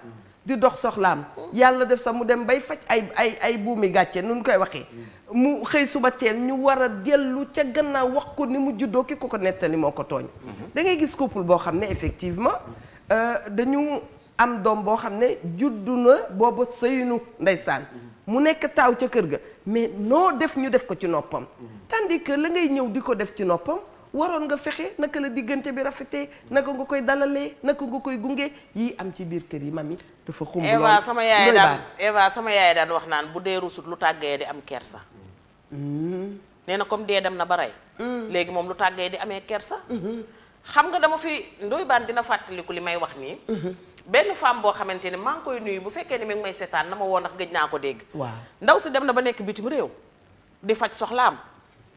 di dox soxlaam yàlla def sax mu dem bay faj ay ay ay buumi gàcce nu ñu koy waxee mu xëy suba teel ñu war a dellu ca gannaaw wax ko ni mu juddoo ki ko ko nettali moo ko tooñ mhm. dangay ngay gis couple boo xam ne effectivement euh, dañu am doom boo xam ne juddu na booba sëynu ndeysaan mhm. mu nekk taaw ca kër ga mais noo def ñu def ko ci noppam mhm. tandis la ngay ñëw di ko def ci noppam waroon nga fexe naka la diggante bi rafetee naka nga koy dalalee naka nga koy gunge yi am ci biir kër yi mami dafa xumb lool Eva sama yaay daan Eva sama daan wax naan bu dee rusut lu tàggee di am kersa mm-hmm. nee na comme dee dem na ba rey mm-hmm. léegi moom lu tàggee di amee ker kersa mm-hmm. xam nga dama fi ndoy baan dina fàttaliku li may wax nii benn femme boo xamante ni maa ngi koy nuyu bu fekkee ni mi ngi may seetaan na ma woo ndax gëj naa ko dégg waaw ndaw si dem na ba nekk bitim réew di faj soxlaam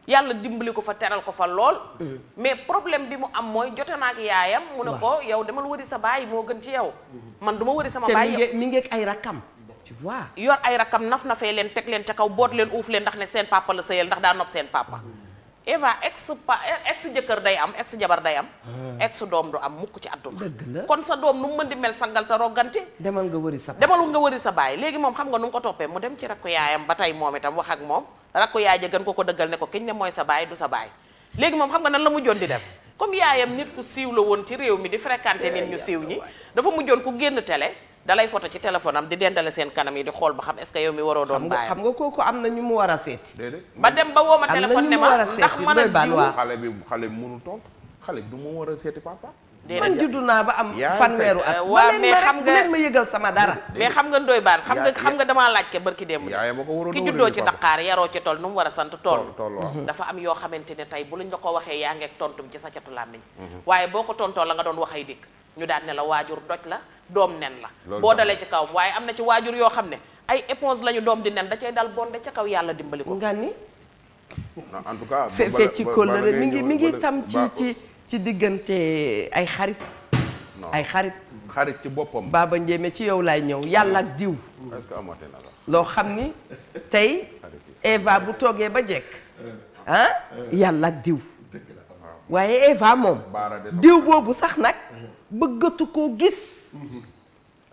yàlla dimbali ko fa teral ko fa lool. Mm-hmm. mais problème bi mu am mooy jote na ak yaayam. mu ne ko yow demal wari sa baay moo gën ci yow. Mm-hmm. man du ma wëri sama baay mi ngi ay rakkam. tu vois yor ay rakkam naf nafee leen teg leen ca kaw boot leen uuf leen ndax ne seen papa la sëyal ndax daa nopp seen papa. Mm-hmm. Eva ex pa ex jëkkër day am ex jabar day am. Ah. ex doom du am mukk ci àdduna. dëgg kon sa doom mu mën di mel sangal te roggante. demal nga wëri nga wëri sa baay léegi moom xam nga nu mu ko toppee mu dem ci rakku yaayam ba tey moom itam wax ak moom. rakku yaay ja gën ko ko dëggal ne ko kiñ ne mooy sa baay du sa baay léegi moom xam nga nan la mujjoon di def comme yaayam nit ku siiw la woon ci réew mi di fréquenté nit ñu siiw ñi dafa mujjoon ku génn tele dalay photo ci téléphone am di dendale seen kanam yi di xool ba xam est-ce que yow mi waroo doon bàyyi xam nga kooku am na ñu mu a ba dem ba woo ma ne ma ndax mën a xale bi xale bi mënul tontu xale bi du mu war a seeti papa man juddu naa ba am fanweeru at waaw mais ma yëgal sama dara mais xam nga ndoy baan xam nga xam nga damaa laaj ke barki démb ki juddoo ci Dakar yaroo ci tool nu mu war a sant tool dafa am yoo xamante ne tey bu lañ la ko waxee yaa ngeek tontum ci sa catu làmmiñ mhm. waaye boo ko tontoo la nga doon wax ay ñu daan ne la waajur doj la doom nen la boo dalee ci kawam waaye am na ci waajur yoo xam ne ay éponge lañu doom di nen da cay dal bonde ca kaw yàlla dimbali ko nga ni en tout cas fecc ko la mi ngi mi ci diggante ay xarit. ay xarit. xarit ci boppam. Baba Ndiémé ci yow laay ñëw yàlla ak diw. loo xam ni tey Eva bu toogee ba jekk ah, ah? yàlla ak diw. waaye Eva moom diw boobu sax nag mm-hmm. bëggatu koo gis mm-hmm.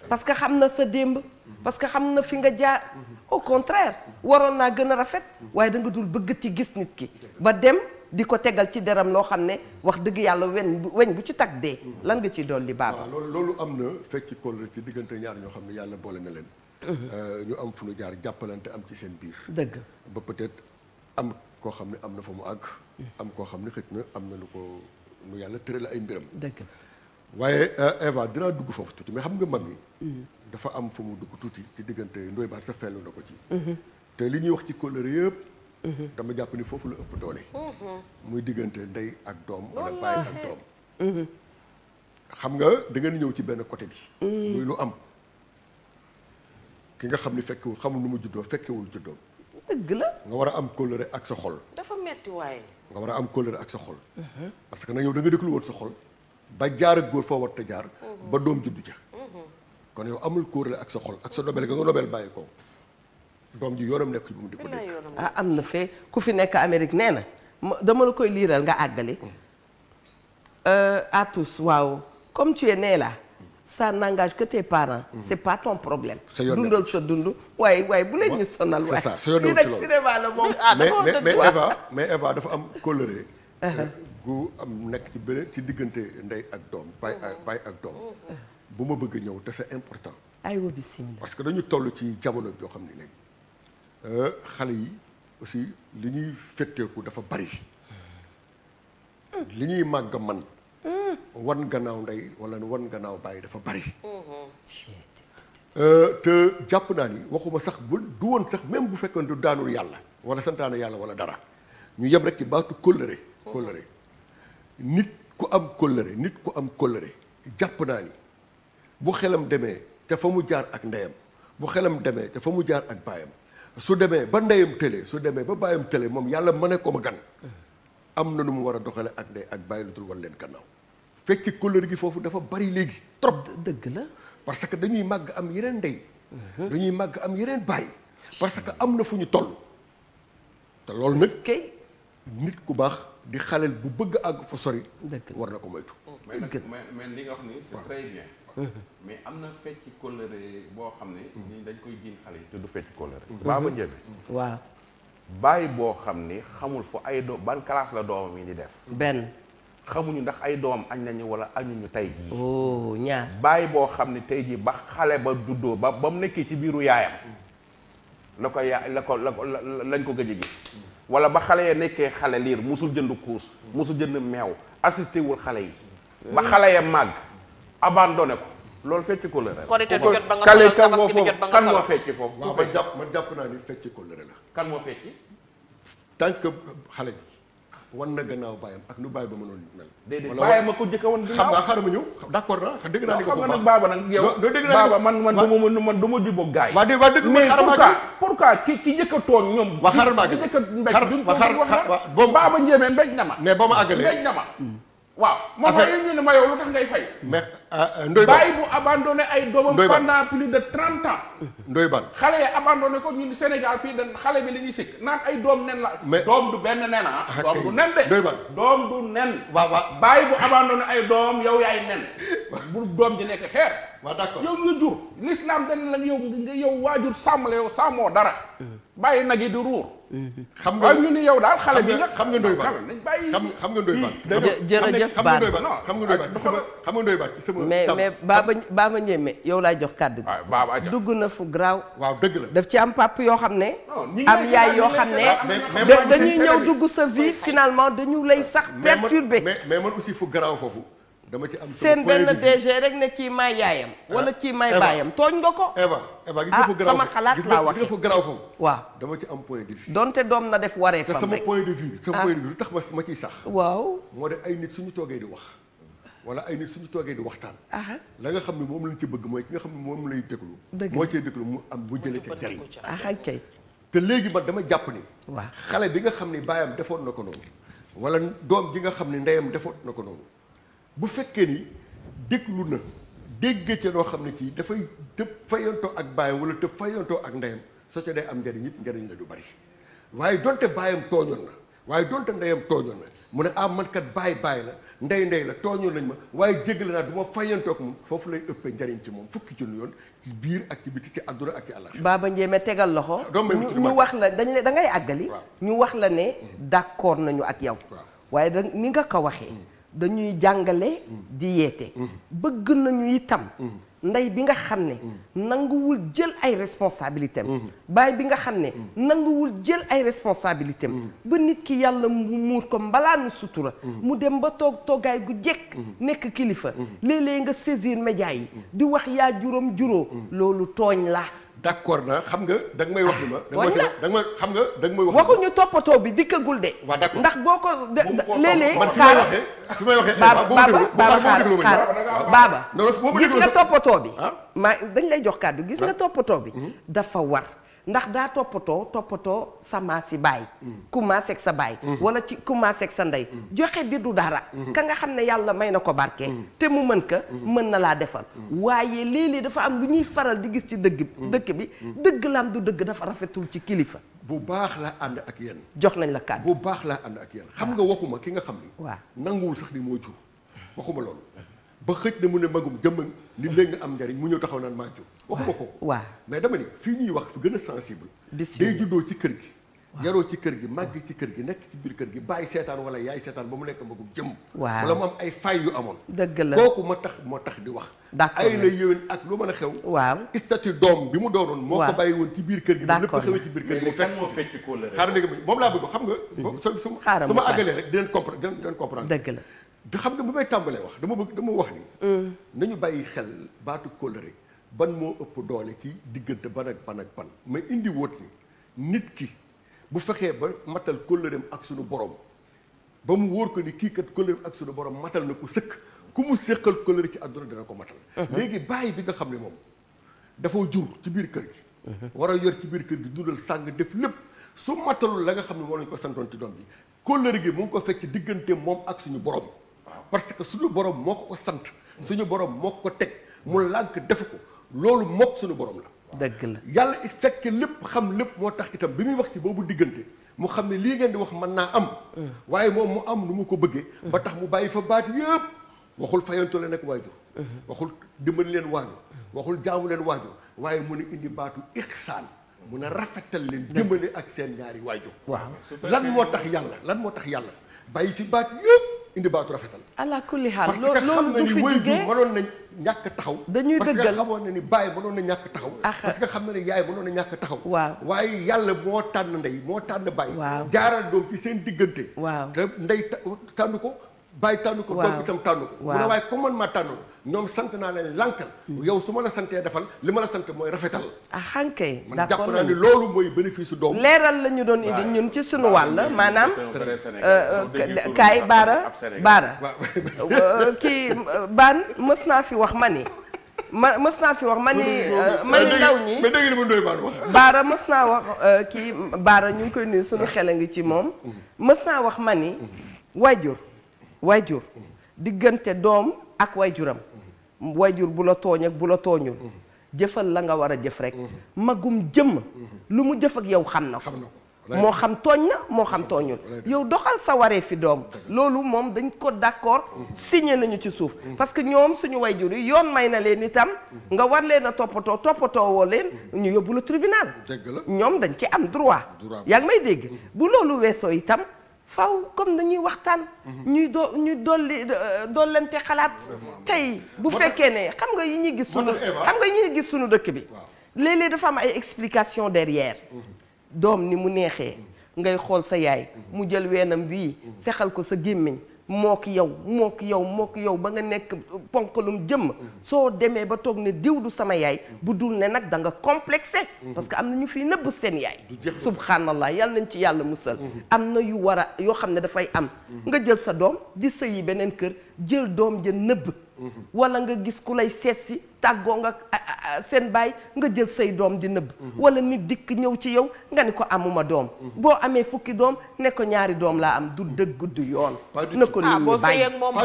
parce que xam na sa démb mm-hmm. parce que xam na fi nga jaar au contraire waroon naa gën a rafet waaye da nga dul bëggati gis nit ki ba dem. di ko tegal ci deram loo xam ne wax dëgg yàlla weñ weñ bu ci tag dee lan nga ciy dolli baaba loolu loolu am na fekk ci kóllëre ci diggante ñaar ñoo xam ne yàlla boole na leen mhm. euh, ñu am fu ñu jaar jàppalante am ci seen biir dëgg ba peut-être am koo xam ne am na fa mu àgg mhm. am koo xam ne xëj na am na lu ko lu yàlla la ay mbiram dëgg waaye euh, Eva dinaa dugg foofu tuuti mais xam nga mam yi mhm. dafa am fu mu dugg tuuti ci diggante Ndoye Bane sa fellu na ko ci te li ñuy wax ci kóllëre yëpp Mm-hmm. dama jàpp ni foofu la ëpp doole. Mm-hmm. muy diggante ndey ak doom. wala oh, baay ak doom. Mm-hmm. xam nga da ñëw ci benn côté bi. muy lu am. ki nga xam ni fekkewul xamul nu mu juddoo fekkewul juddoo. dëgg la nga war a am kóllëre ak sa xol. waaye. nga war a am kóllëre ak sa xol. parce que nag yow da nga déglu woon sa xol. ba jaar ak góor foo war te jaar. ba doom juddu ja. kon yow amul kóllëre ak sa xol ak sa nobel nga nga nobel bàyyi ko. doom ji yoonam nekkul bu mu di ko dégg ah am na fee ku fi nekk Amérique nee na dama la koy liiral nga àggali mm. euh, à tous waaw comme tu es la là ça n'engage que tes parents mm. c'est pas ton problème dundal sa dund waaye waaye bu leen ñu sonal waaye bu ça sa yoon ci loolu cinéma la moom mais ah, mais Eva dafa am coloré uh-huh. euh, nekk ci beneen ci diggante ndey ak doom uh-huh. ak doom uh-huh. bu ma bëgg ñëw te c'est important ay wa bismillah parce que dañu toll ci jamono joo xam ne Euh, xale yi aussi li ñuy fetteeku dafa bari li ñuy màgg man wan gannaaw ndey wala wan gannaaw bàyyi dafa bari euh, te jàpp naa ni waxuma sax bu du woon sax même bu fekkoon du daanul yàlla wala santaane yàlla wala dara ñu yem rek ci baatu kóllëre kóllëre nit ku am kóllëre nit ku am kóllëre jàpp naa ni bu xelam demee te fa mu jaar ak ndeyam bu xelam demee te fa mu jaar ak baayam su demee ba ndeyam tële su demee ba bàyyam tële moom yàlla ma ne ko ma gan am na nu mu war a doxalee ak ndey ak bàyyi lutul wan leen gannaaw fekki couleur gi foofu dafa bari léegi trop dëgg la parce que dañuy màgg am yeneen ndey mm-hmm. dañuy màgg am yeneen bàyyi parce que am na fu ñu toll te loolu nag nit ku baax di xaleel bu bëgg àgg fa sori war na ko moytu mais li nga wax ni c'est très bien mais am na fecc coloré boo xam ni mm-hmm. dañ koy jiin xale yi te du fecc coloré. Mm-hmm. baaba njëme. Mm-hmm. waaw. bàyyi boo xam ni xamul fu ay doom ban classe la doomam yi di def. benn. xamuñu ndax ay doom añ nañu wala añuñu tey jii. oh ñaar bàyyi boo xam ne tey jii ba xale ba juddoo ba ba mu nekkee ci biiru yaayam. la ko yaa la ko la ko lañ ko gëj a gis. wala ba xale ya nekkee xale liir musul jënd kuus. musul jënd meew assisté xale yi. ba xale ya màgg. abandonné ko loolu fecc ko lëre la. korite di jot ba nga solal tabaski di jot ba nga solal kan moo foofu. waaw man jàpp man jàpp naa ni fecc ko lëre la. kan moo fecc. tant que xale na ba ma ko a wan. nga xaaral ma ñëw d'accord naa dégg naa ni ko bu baax xam nga nag baaba baaba man man a a na ma. mais boo ma àggalee mbéj na ma hmm. waaw moom mooy ñu ne ma yow lu tax ngay fay. mais euh, euh, Ndoye Bane bàyyi bu abandonné ay doom pendant plus de trente ans. Ndoye Bane xale yi abandonné ko ñun Sénégal fii dañ xale bi li ñuy sikk naan ay doom nen la. mais doom du benn nen ah. ah doom du nen de. Ndoye Bane doom nen. waaw waaw bàyyi bu abandonné ay doom yow yaay nen. bu doom ji nekk xeer. waaw d'accord yow nga jur. l'islam dañ la yow nga yow waajur sàmm la yow sàmmoo dara. Mm-hmm. bàyyi nag yi di ruur. xam nga waaw ñu ni yow xale bi nga xam nga ndoy baat xam nga ndoy baat jërëjëf baat xam nga ndoy baat ci sama xam nga ndoy baat ci sama mais mais baaba baaba njéeme yow laay jox kàddu bi dugg na fu garaaw waaw dëgg la def ci am pap yoo xam ne am yaay yoo xam ne dañuy ñëw dugg sa vie finalement dañu lay sax perturbé mais man aussi fu garaaw foofu dama ci am seen benn DG rek ne kii maay yaayam. wala kii maay baayam tooñ nga ko. Eva Eva gis nga ah, fu garaaw sama xalaat laa wax gis nga dama ci am point de vue. donte doom na def waree fam sama point de vue. sama ah. point de vue ma ma sax. waaw moo ay nit suñu toogee di wax. wala ay nit suñu toogee di waxtaan. la nga xam ne moom lañ ci bëgg mooy ki nga xam ne moom lay déglu. dëgg moo cee déglu mu am bu jëlee ca jariñ. ah kay. te léegi man dama jàpp ni. waaw xale bi nga xam ne baayam defoon na ko noonu. wala doom ji nga xam ne ndeyam defoon na ko noonu bu fekkee ni déglu na dégg ca loo xam ne ci dafay tëb fayantoo ak baayam wala tëb fayantoo ak ndeyam soo ca day am njariñ it njariñ la du bari waaye donte baayam tooñoon na waaye donte ndeyam tooñoon na mu ne ah man baay baay la ndey ndey la tooñoon nañ ma waaye jéggale naa du ma fayantoo ak moom foofu lay ëppee njariñ ci moom fukki junni yoon ci biir ak ci biti ci àdduna ak ci àlla Baba Ndiémé tegal loxo ah, ñu wax la dañ la da ngay àggali ñu wax la ne mm-hmm. d'accord nañu ak yow waaye da ni nga ko waxee mm-hmm. dañuy jàngale di yeete bëgg nañu itam ndey bi nga xam ne nanguwul jël ay responsabilité am mm-hmm. baay bi nga xam ne mm-hmm. nanguwul jël ay responsabilité mm-hmm. ba nit ki yàlla mu muur ko mbalaanu sutura mu dem ba toog toggaay gu jekk nekk kilifa léeg-léeg nga saisir média yi di wax yaa juróom juróo loolu tooñ la d'accord na xam nga da may wax ni ma. wàññi la xam nga da nga may wax. waxuñu toppatoo bi dikkagul de. waaw d'accord ndax boo ko léeg-léeg. man fi may waxee fi may waxee. baaba baaba baaba gis nga toppatoo bi. Ah. ma dañ lay jox kàddu gis nga ah. toppatoo bi mm-hmm. dafa war. ndax daa toppatoo toppatoo sa maas yi baay. ku ak sa baay. Mm-hmm. wala ci ku ak sa ndey. Mm-hmm. joxe bi du dara. Mm-hmm. ka nga xam ne yàlla may na ko barke. te mu mën ka mën na laa defal. waaye léeg-léeg dafa am lu ñuy faral di gis ci dëgg. dëkk bi dëgg lam du dëgg dafa rafetul ci kilifa. bu baax la ànd ak yéen. jox nañ la kàddu bu baax la ànd ak yéen xam nga waxuma ki nga xam ni. waaw nanguwul sax ni moo jur waxuma loolu ba xëj na mu ne magum jëmm li dégg nga am njariñ mu ñëw taxaw naan maa jur waxuma ko waaw mais dama ni fii ñuy wax fi gën a sensible day juddoo ci kër gi yaroo ci kër gi màgg ci kër gi nekk ci biir kër gi bàyyi seetaan wala yaay seetaan ba mu nekk mbagum jëm waaw wala mu am ay fay yu amoon dëgg la kooku ma tax moo tax di wax d'accord ay la yéwén ak lu mën a xew waaw statut doom bi mu doonoon moo ko bàyyi woon ci biir kër gi ba lépp xewee ci biir kër laa bëgg xam nga mm-hmm. su su ma àggalee rek dinañ te xam nga bu may tàmbalee wax dama bëgg dama wax ni. Mm. nañu bàyyi xel baatu kóllëre ban moo ëpp doole ci diggante ban ak ban ak ban mais indi wóot ni nit ki bu fexee ba matal kóllëreem ak suñu borom ba mu wóor ko ni kii kat kóllëreem ak suñu borom matal na ko sëkk ku mu séqal kóllëre ci àdduna dina ko matal. Mm-hmm. léegi bàyyi bi nga xam ne moom dafa jur ci biir kër gi. Mm-hmm. war a ci biir kër gi dundal sàng def lépp su matalul la nga xam ne moo lañ ko santoon ci doom bi kóllëre gi mu ngi ko fekk diggante moom ak suñu borom. parce que suñu borom moo ko ko sant suñu borom moo ko teg mu lànk def ko loolu mook suñu borom la dëgg la yàlla fekk lépp xam lépp moo tax itam bi muy wax ci boobu diggante mu xam ne lii ngeen di wax mën naa am mm. waaye moom mu am nu mu ko bëggee mm. ba tax mu bàyyi fa baat yëpp waxul fayantoo leen ak waajur mm-hmm. waxul dimbali leen waajur mm. waxul jaamu leen waajur waaye mu ne indi baatu ixsaan mu ne rafetal leen dimbali ak seen ñaari waajur waaw lan moo tax yàlla lan moo tax yàlla bàyyi fi baat yëpp indi baatu rafetal. ala kulli xaal loolu du fi parce que xam na ni wéy bi mënoon na ñàkk taxaw. dañuy dëggal parce que xamoon na ni baay mënoon na ñàkk taxaw. parce xam na ne yaay mënoon na ñàkk taxaw. waaw waaye yàlla moo tànn ndey moo tànn baay. waaw jaaral doom ci seen diggante. waaw te ndey tànn ko. bàyyi tànn ko doom itam tànn ko mu ne waaye comme man maa tànn ñoom sant naa leen lànkal mm. yow su ma la santee defal li ma la sant mooy rafetal ah xànkay man jàpp naa ni loolu mooy bénéfice doom leeral la ñu doon indi ñun ci sunu wàll maanaam kaay baara baara kii baan mës naa fi wax ma ni ma mës naa fi wax ma ni euh, ma ni ndaw ñi mais dégg nga ma baara mës naa wax euh, kii baara ñu ngi koy nuyu sunu xel a ngi ci moom mm-hmm. mës naa wax ma ni mm-hmm. waajur waajur diggante doom ak waajuram waajur bu la tooñ ak bu la tooñul jëfal la nga war a jëf rek magum jëmm lu mu jëf ak yow xam na ko moo xam tooñ na moo xam tooñul yow doxal sa waree fi doom loolu moom dañ ko d'accord mm-hmm. signé nañu ci suuf mm-hmm. parce que ñoom suñu wayjur yi yoon may na leen itam mm-hmm. nga war leen a toppatoo toppatoo woo leen ñu yóbbu la tribunal ñoom dañ ci am droit yaa may dégg bu loolu weesoo itam faw comme dañuy waxtaan. Mhm. ñuy do ñu dolli euh, dollante xalaat. tey bu fekkee ne xam nga yi ñuy gis. sunu xam nga yi ñuy gis sunu dëkk bi. léeg-léeg dafa am ay explication derrière. Mhm. doom ni mu neexee. Mhm. ngay xool sa yaay. mu jël weenam bii. sexal ko sa gémmiñ. moo ki yow moo ki yow moo ki yow ba nga nekk ponkalum jëmm soo demee ba toog ne diw du sama yaay bu dul ne nag da nga complexé parce que am na ñu fiy nëbb seen yaay subhanallah yal nañ ci yàlla musal mhm. am na yu war a yoo xam ne dafay am mhm. nga jël sa doom di sëyi beneen kër jël doom jën nëbb walla nga gis ku lay seet si tàggoo nga seen baay nga jël say doom di nëbb wala nit dikk ñëw ci yow nga ni ko amuma doom boo amee fukki doom ne ko ñaari doom laa am du dëgg du yoon na ko nit ah, ñi bàyyi moom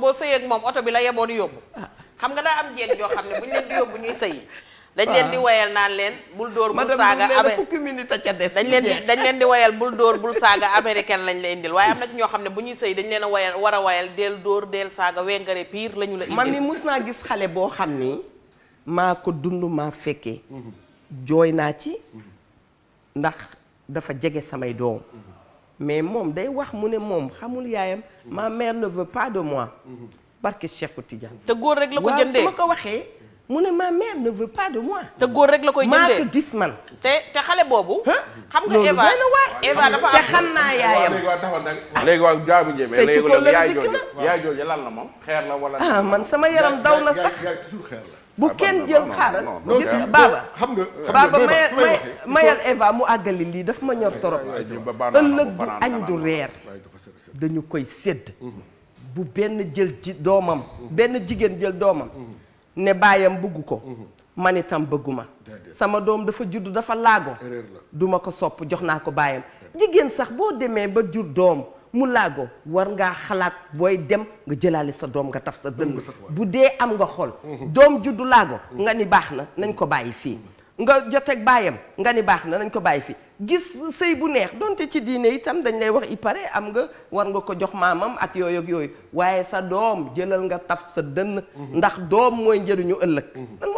boo sëyeeg moom oto bi la yeboo di yóbbu ah. xam nga daa am jéeg yoo xam ne bu ñu leen di yóbbu ñuy sëyi dañ leen di ah. wayal naan leen bul dóor bul saaga dañ leen dañ leen di wayal bul dóor bul saaga américaine lañ la indil waaye am na ci ñoo xam ne bu ñuy sëy dañ leen a war a wayal deel dóor deel saaga wengare piir la ñu la indil man ni mus naa gis xale boo xam ni maa ko dund maa fekkee jooy naa ci ndax dafa jege samay doom mais moom day wax mu ne moom xamul yaayam ma mère ne veut pas de moi mm-hmm. barke Cheikh Tidiane te góor rek la ko jëndee ma ko waxee mu ne ma mère ne veut pas de moi. te góor rek la koy jëndee maa ko gis man. te te xale boobu. xam nga Eva Eva dafa am te xam naa yaayam. léegi waaw jaamu njéeme. léegi loolu yaay jooju yaay jooju lan la moom xeer la wala. Ah, man sama yaram daw na sax. bu kenn ah, jël xaaral. gis nga baaba xam nga baaba may mayal Eva mu àggali lii dafa ma ñor torop. ëllëg bu añ du reer dañu koy sédd. Mm-hmm. bu benn jël ci doomam. Mm-hmm. benn jigéen jël doomam. Mm-hmm. ne baayam bëgg ko mhm. man itam bëgguma sama doom dafa juddu dafa laago duma ko sopp jox naa ko baayam jigéen sax boo demee ba jur doom mu laago war ngaa xalaat booy dem nga jëlaale sa doom nga taf sa dënd bu dee am nga xol mhm. doom juddu laago mhm. nga ni baax na nañ ko bàyyi fii nga joteeg baayam nga ni baax na nañ ko bàyyi fii gis sëy bu neex donte ci diine itam dañ lay wax i pare am nga war nga ko jox maamam ak yooyu yooyu waaye sa doom jëlal nga taf sa dënn mhm. ndax doom mooy njëriñu ëllëg mhm. dañ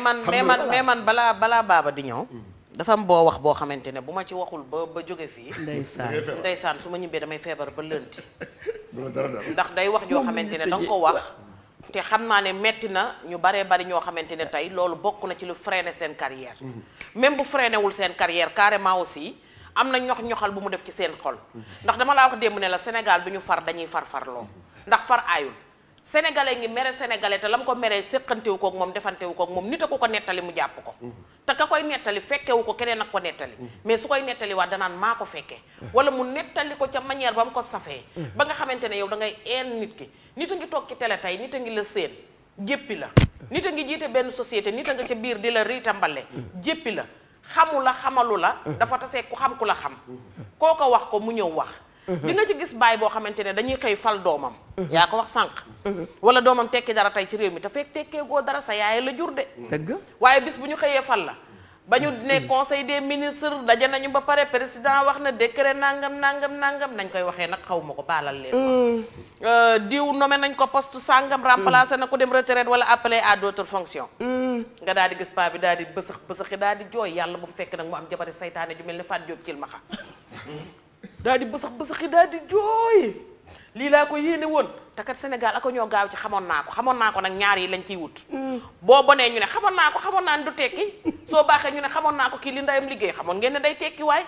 man mais man mais man balaa balaa baaba di ñëw mhm. dafa am boo wax boo xamante ne bu ma ci waxul ba ba jóge fii ndeysaan ndeysaan su ma ñibbee damay feebar ba lënti ndax day wax joo xamante ne danga ko wax te xam naa ne metti na ñu baree bari ñoo xamante ne tey loolu bokk na ci lu freiné seen carrière mhm. même bu freiné seen carrière carrément aussi am na ñox ñoxal bu mu def ci seen xol mhm. ndax dama laa wax démb ne la Sénégal bu ñu far dañuy far farloo mhm. ndax far aayul sénégalais ngi mere sénégalais te la mu ko meree séqantewu kook moom defantewu kook moom nit a ko ko nettali mu jàpp ko mhm. te ka koy nettali fekkewu ko keneen ak ko nettali mhm. mais su koy nettali waa danaan maa ko fekkee wala mu nettali ko ca manière ba mu ko safee mhm. ba nga xamante ne yow da een nit ki nit a ngi toog ci télé tey nit a ngi la séen jéppi la nit a ngi jiite benn societé nit a nga ca biir di la riita mbale jéppi la xamu la xamalu la dafa tase ku xam ku la xam koo wax ko mu ñëw wax li nga ci gis baay boo xamante ne dañuy xëy fal doomam yaa ko wax sànq wala doomam tekki dara tey ci réew mi te fekk tekkee goo dara sa yaay la jur de dëgg waaye bis bu ñu xëyee fal la ba ñu ne conseil des ministres daje nañu ba pare président wax na décret nangam nangam nangam nañ koy waxee nag xaw ma ko baalal leen mm. euh, diw nommé nañ ko poste sangam remplacé na ko dem retraite wala appelé à d'autres fonctions mm. nga daa di gis paa bi daal di bësëx bësëxi daal di jooy yàlla bu mu fekk nag mu am jabari saytaane ju mel ne Fatou Diop Thilmakha daal di bësax bësaxi daal di jooy lii laa ko yéene woon te kat Sénégal ako ñoo gaaw ci xamoon naa ko xamoon naa ko nag ñaar yi lañ ciy wut. Mm. boo bonee ñu ne xamoon naa ko xamoon naa ne du tekki soo baaxee ñu ne xamoon naa ko kii li ndeyam liggéey xamoon ngeen ne day tekki waay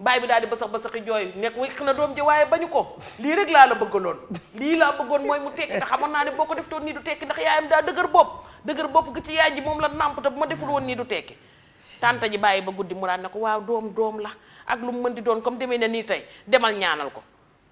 baay bi daal di bësax bësaxi jooy nekk wékk na doom ji waaye bañu ko lii rek laa la bëggaloon lii laa bëggoon mooy mu tekki te xamoon naa ne boo ko deftoon nii du tekki ndax yaayam daa dëgër bopp dëgër yaay ji moom la nàmp te ma deful woon nii du tekki tànta ji bàyyi ba guddi mu daan ne ko waaw doom doom la ak lu mu mën di doon comme demee na nii tey demal ñaanal ko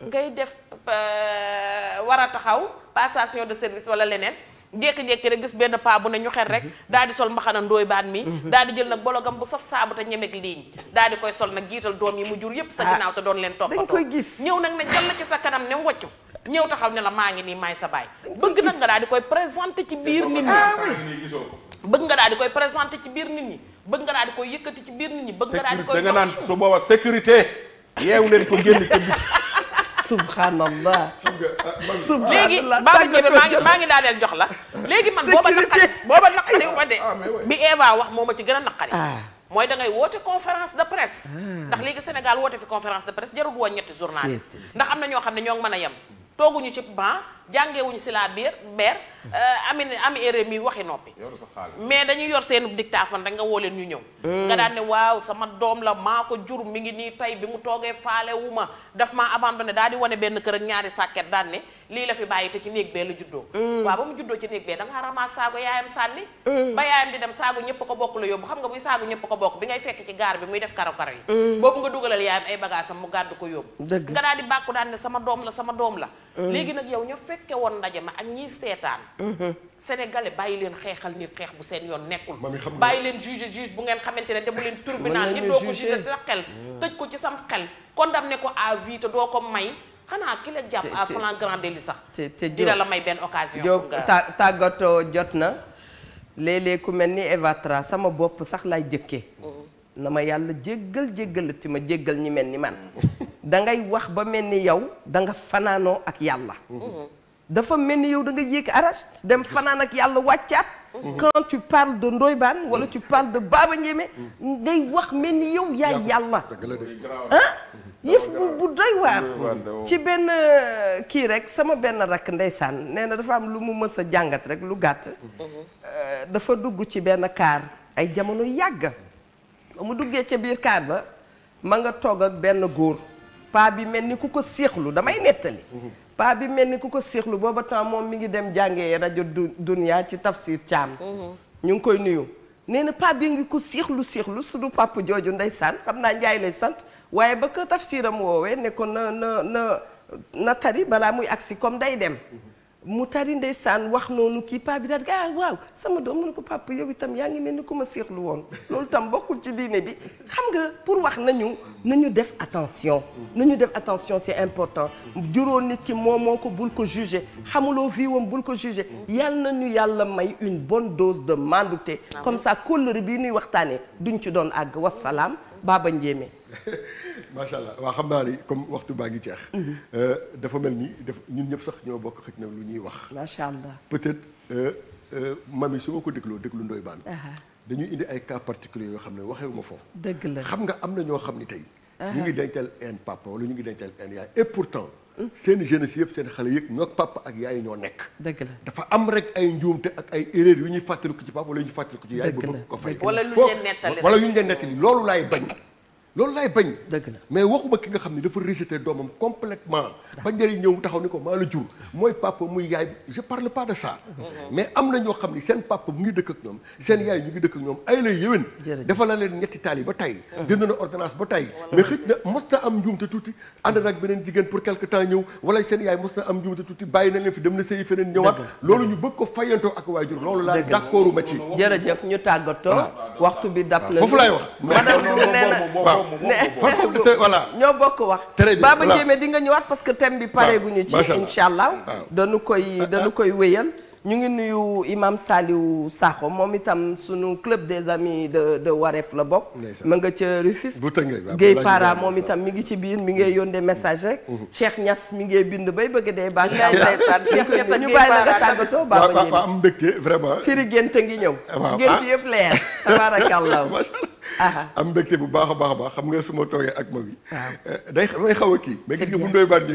ngay def euh, war a taxaw passation de service wala leneen jékki-jékki rek gis benn paa bu ne ñu xel rek mhm. daal di sol mbaxana ndooy baat mi mhm. daal di jël nag bologam bu saf saabu te ñemeeg liiñ daal di koy sol nag jiital doom yi mu jur yépp sa ah, ginnaaw te doon leen toppatoo dañ koy gis ñëw nag ne jël na ci sa kanam ne woccu ñëw taxaw ne la maa ngi nii maay sa baay bëgg nag nga daal di koy présenté ci biir ni ñi ah bëgg nga daal di koy présenté ci biir nit ñi bëgg nga daal di koy yëkkati ci biir nit ñi bëgg nga daal di koy da su booba sécurité yeewu leen ko génn ca biti ah, subhanallah léegi baba maa ngi maa ngi jox la léegi man booba naqari booba naqari ma de ah, bi Eva wax moo ma ci gën a naqari ah. mooy da ngay woote conférence de presse ndax léegi Sénégal woote fi conférence de presse jarul woon ñetti journaliste ndax am na ñoo xam ne ñoo ngi mën a yem tooguñu ci ban jàngewuñu si la biir beer euh, ami ami erreur mi waxi noppi mais dañuy yor seen dictaphone rek nga woo leen ñu ñëw nga daan ne waaw sama doom la maa ko jur mi ngi nii tey bi mu toogee faale wu ma daf maa abandonné daal di wane benn kër ak ñaari sàkket daan ne lii la fi bàyyi te ci néeg bee la juddoo waaw ba mu juddoo ci néeg bee da ngaa ramaas saago yaayam sànni ba yaayam di dem saago ñëpp ko bokk la yóbbu xam nga buy saago ñëpp ko bokk bi ngay fekk ci gaar bi muy def karaw karaw yi boobu nga dugalal mu gàddu ko yóbbu nga daal sama doom la sama doom la fekke woon ndaje ma ak ñiy seetaan. Mhm. sénégalais bàyyi leen xeexal nit xeex bu seen yoon nekkul. bàyyi leen juge juge bu ngeen xamante ne demu leen tribunal nit doo ko juge sa xel. tëj ko ci sam xel condamné ko à vie te doo ko may. xanaa ki la jàpp à flagrant délit sax. dina la may benn occasion. Diop tàggatoo jot na léeg-léeg ku mel ni Eva sama bopp sax laay jëkke mm-hmm. na ma yàlla jéggal jéggal ci ma jéggal ñi mel ni man. Mm-hmm. da ngay wax ba mel ni yow da nga fanaanoo ak yàlla. Mm-hmm. dafa mel ni yow da nga yéeg arrache dem fanaan ak yàlla wàccaat. quand tu parles de Ndoye Bane wala tu parles de Baba Ndiémé ngay wax mel ni yow yaay yàlla ah yëf bu bu doy waar ci benn euh, kii rek sama benn rakk ndeysaan nee na dafa am lu mu mës a jàngat rek lu gàtt euh, dafa dugg ci benn kaar ay jamono yàgg mu duggee ca biir kaar ba ma nga toog ak benn góor paa bi mel ni ku ko séexlu damay nettali paa bi mel ni ku ko siixlu booba temps moom mi ngi dem jàngee rajo Dunia ci Tafsir Thiam. Mhm. ñu ngi koy nuyu. nee na paa bi ngi ko siixlu siixlu suñu papa jooju ndey ndeysaan xam naa Njaay lay sant waaye ba ko tafsiram woowee ne ko na na na na tari balaa muy agsi comme day dem. Mhm. mu tari saan wax noonu kii paa bi daal aa ah, waaw sama doom mu ne ko papa yow itam yaa ngi mel ni ku ma woon loolu tam bokkul ci diine bi xam nga pour wax nañu ñu def attention nañu def attention c'est important juróom nit ki moo moo ko bul ko juger xamuloo fii wam bul ko juger yàlla na ñu yàlla may une bonne dose de mandute comme ça kóllëre bii nuy waxtaanee duñ ci doon àgg wasalaam Baba Ndiémé macha allah waaw xam naa ni comme waxtu baa ngi jeex. Mhm. Euh, dafa mel ni daf ñun ñëpp sax ñoo bokk xëj na lu ñuy wax. macha allah peut-être euh, euh, mami su ma ko dégloo déglu Ndoye Bane. dañuy indi ay cas particuliers yoo xam ne waxee ma foofu. dëgg la xam nga am na ñoo xam ni tey. ñu ngi dencal un papa wala ñu ngi dencal un yaay et pourtant. Mm. seen jeunesse yëpp seen xale yëpp ñoo papa ak yaay ñoo nekk. dëgg la dafa am rek ay njuumte ak ay erreur yu ñuy fàttaliku ci papa wala ci yaay. la ko fay wala lu ñu leen loolu laay bañ. dëgg la mais waxuma ki nga xam ne dafa rejeté doomam complètement ba njëriñ ñëw taxaw ni ko maa la jur mooy papa muy yaay je parle pas de ça. Mm-hmm. mais am na ñoo xam ne seen papa mu ngi dëkk ak ñoom seen yaay ñu ngi dëkk ak ñoom ay lay yéwén. dafa leen ñetti taal yi ba tey. Mm-hmm. jënd na ordonnance ba tey. mais xëj na mos na am njuumte tuuti ànd na ak beneen jigéen pour quelque temps ñëw wala seen yaay mos na am njuumte tuuti bàyyi na leen fi dem na sëyi feneen ñëwaat. loolu ñu bëgg ko fayantoo ak waajur loolu laa d'accordu ma ci. jërëjëf ñu tàggatoo waxtu bi dab la foofu laay wax ne voilà ñoo bokk wax Baba Jéeme di nga ñëwaat parce que thème bi pareeguñu ci incha allah koy dañu koy ah, ah. wéyal ñu ngi nuyu imam Saliou saako moom itam sunu club des amis de de Wareef la bokk. ma nga ca Rufisque. bu Guèye Para moom itam mi ngi ci biir mi ngay yónnee message rek. Cheikh ñas mi ngay bind bay bëgga dee baax. ndeysaan Cheikh Niass ak Guèye Para ñu bàyyi nga tàggatoo baax na waaw am mbégte vraiment. firi ngi ñëw. waaw gént ah. yëpp leer tabarakallah am mbégte bu baax a baax a baax xam nga suma ma toogee ak mag yi. Eh, day may xaw a kii mais gis nga bu ndoy bànn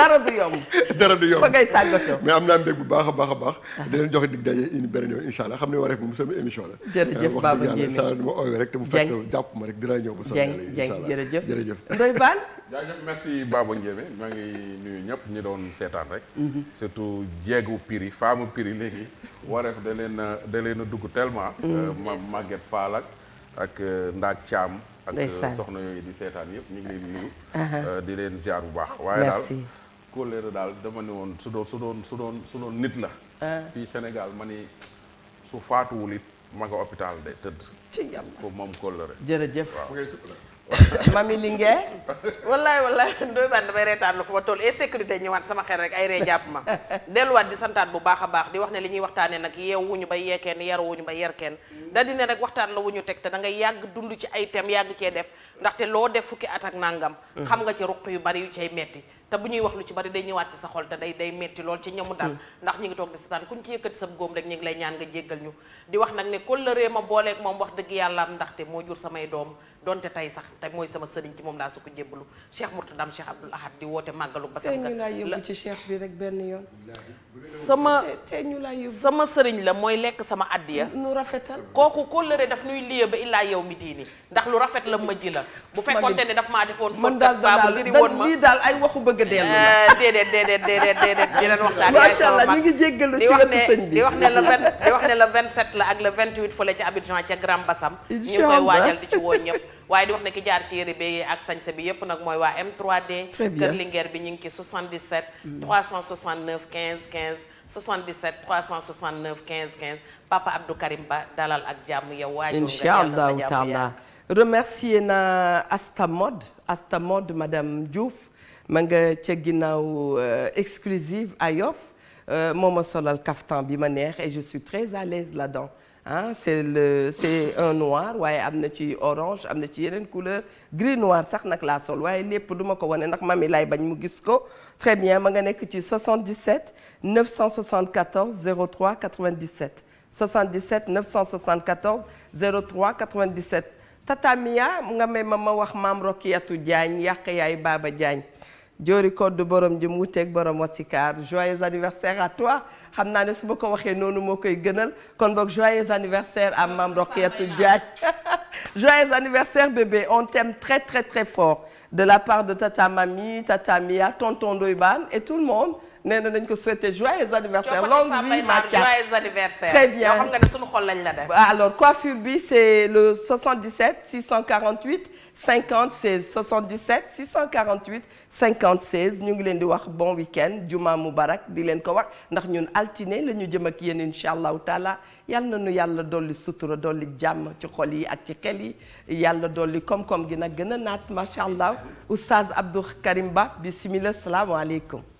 dara du yomb. dara du yomb fa ngay tàggatoo. mais am naa mbég bu baax a baax a baax. di leen joxe dig daje une beneen yoon incha allah xam ne wareef mu sama émission la. jërëjëf euh, Baba Diémé wax dëgg yàlla ma ooyoo rek te bu fekkee jàpp ma rek dinaa ñëw ba. soxna yàlla incha allah jërëjëf jërëjëf. Ndoye Bane. jaajëf merci Baba Diémé maa ngi nuyu ñëpp ñi doon seetaan rek. Mhm. surtout jéegu Piri faamu Piri léegi. wareef da leen da leen a dugg tellement. Mhm. Euh, ma Maguette Fall ak ak euh, Ndaak Thiam. ak soxna yooyu di seetaan yëpp ñu ngi uh-huh. di leen ziar bu baax waaye kóllëre daal dama ne woon su doon su doon su doon su doon nit la. Ah. fii Sénégal ma ni su faatuwul it ma nga hôpital de tëdd. ci yàlla ko moom kóllëre. jërëjëf waaw mami Linguère. wallaay wallaay Ndoye Bane damay reetaan lu fa ma toll et sécurité ñëwaat sama xel rek ay ree jàpp ma. delluwaat di santaat bu baax a baax di wax ne li ñuy waxtaanee nag yeewu wuñu ba yee kenn yaru wuñu ba yer kenn. Mm. da di ne rek waxtaan la wuñu teg te da ngay yàgg dund ci ay thèmes yàgg cee def ndaxte loo def fukki at ak nangam. Mm. xam nga ci ruq yu bari yu cay metti te bu ñuy wax lu ci bari day ñëwaat ci sa xol te day day metti lool ci ñamu daal mm. ndax ñu ngi toog di seetaan kuñ ci yëkkati sa góom rek ñu ngi lay ñaan nga jéggal ñu di wax nag ne kóllëree ma booleeg moom dëgg yàlla am ndaxte moo jur samay doom donte tey sax te mooy sama sëriñ ci moom laa su ko jébbalu Cheikh Mourtadam Cheikh woote màggalu basal nga laa yóbbu ci cheikh bi ñu sama sëriñ la mooy lekk sama addiya nu rafetal kooku kóllëre daf nuy liye ba illaa yow mi diini ndax lu rafet la mu mm. ma ji la bu fekkonte ne daf maa defoon fon daal lii daal ay waxu bëgg bëgg a dellu la euh, déedéet déedéet déedéet déedéet di leen waxtaan macha allah ñu ngi jéggal ci wetu sëñ bi di wax ne le vingt di wax ne le vingt sept la ak le vingt huit fële ci Abidjan ca Grand Bassam ñu ngi koy waajal di ci woo ñëpp waaye di wax ne ki jaar ci yére bi ak sañse bi yépp nag mooy waa M3D Kër Linguère bi ñu ngi ci 77 369 15 15 77 369 15 15 papa Abdou Karim Ba dalal ak jàmm yow waajal incha allahu taala remercier na Astamod Astamod madame Diouf ma nga ca ginnaaw euh, exclusive à Yoff euh, moo ma solal kaftan bi ma neex e je suis très à l'aise là-dedans ah c'est le c'est un noir waaye am na ci orange am na ci yeneen couleur gris noir sax nag laa sol waaye lépp duma ko wane ndax mami lay bañ mu gis ko très bien ma nga nekk ci 77 974 03 97 77 974 03 97 tata Mia nga may ma ma wax maam Rokiyatou Diagne yàq yaay Baba jaañ Diori de borom ji mu wuteeg borom wasikaar joyeux anniversaire à toi xam naa ne su ma ko waxee noonu moo koy gënal kon boog joyeux anniversaire à Mame Rokhyatou Diack joyeux anniversaire bébé on t'aime très très très fort de la part de tata Mami tata Mia tonton Ndoye Bane et tout le monde nee na nañ ko souhaiter joyeux anniversaire longue vie Mathias joyeux anniversaire très bien xam nga ne suñu xol lañ la def ah, alors coiffure bi c'est le 77 648 50 16 77 648 50 16 ñu ngi leen di wax bon week-end juma mubarak di leen ko wax ndax ñun altine la ñu jëm ak yéen incha allah taala yal na nu yàlla dolli sutura li jàmm ci xol yi ak ci xel yi yàlla dolli koom-koom gi nag gën a naat macha allah oustaz Abdou Karim Ba bisimilah salaamaaleykum.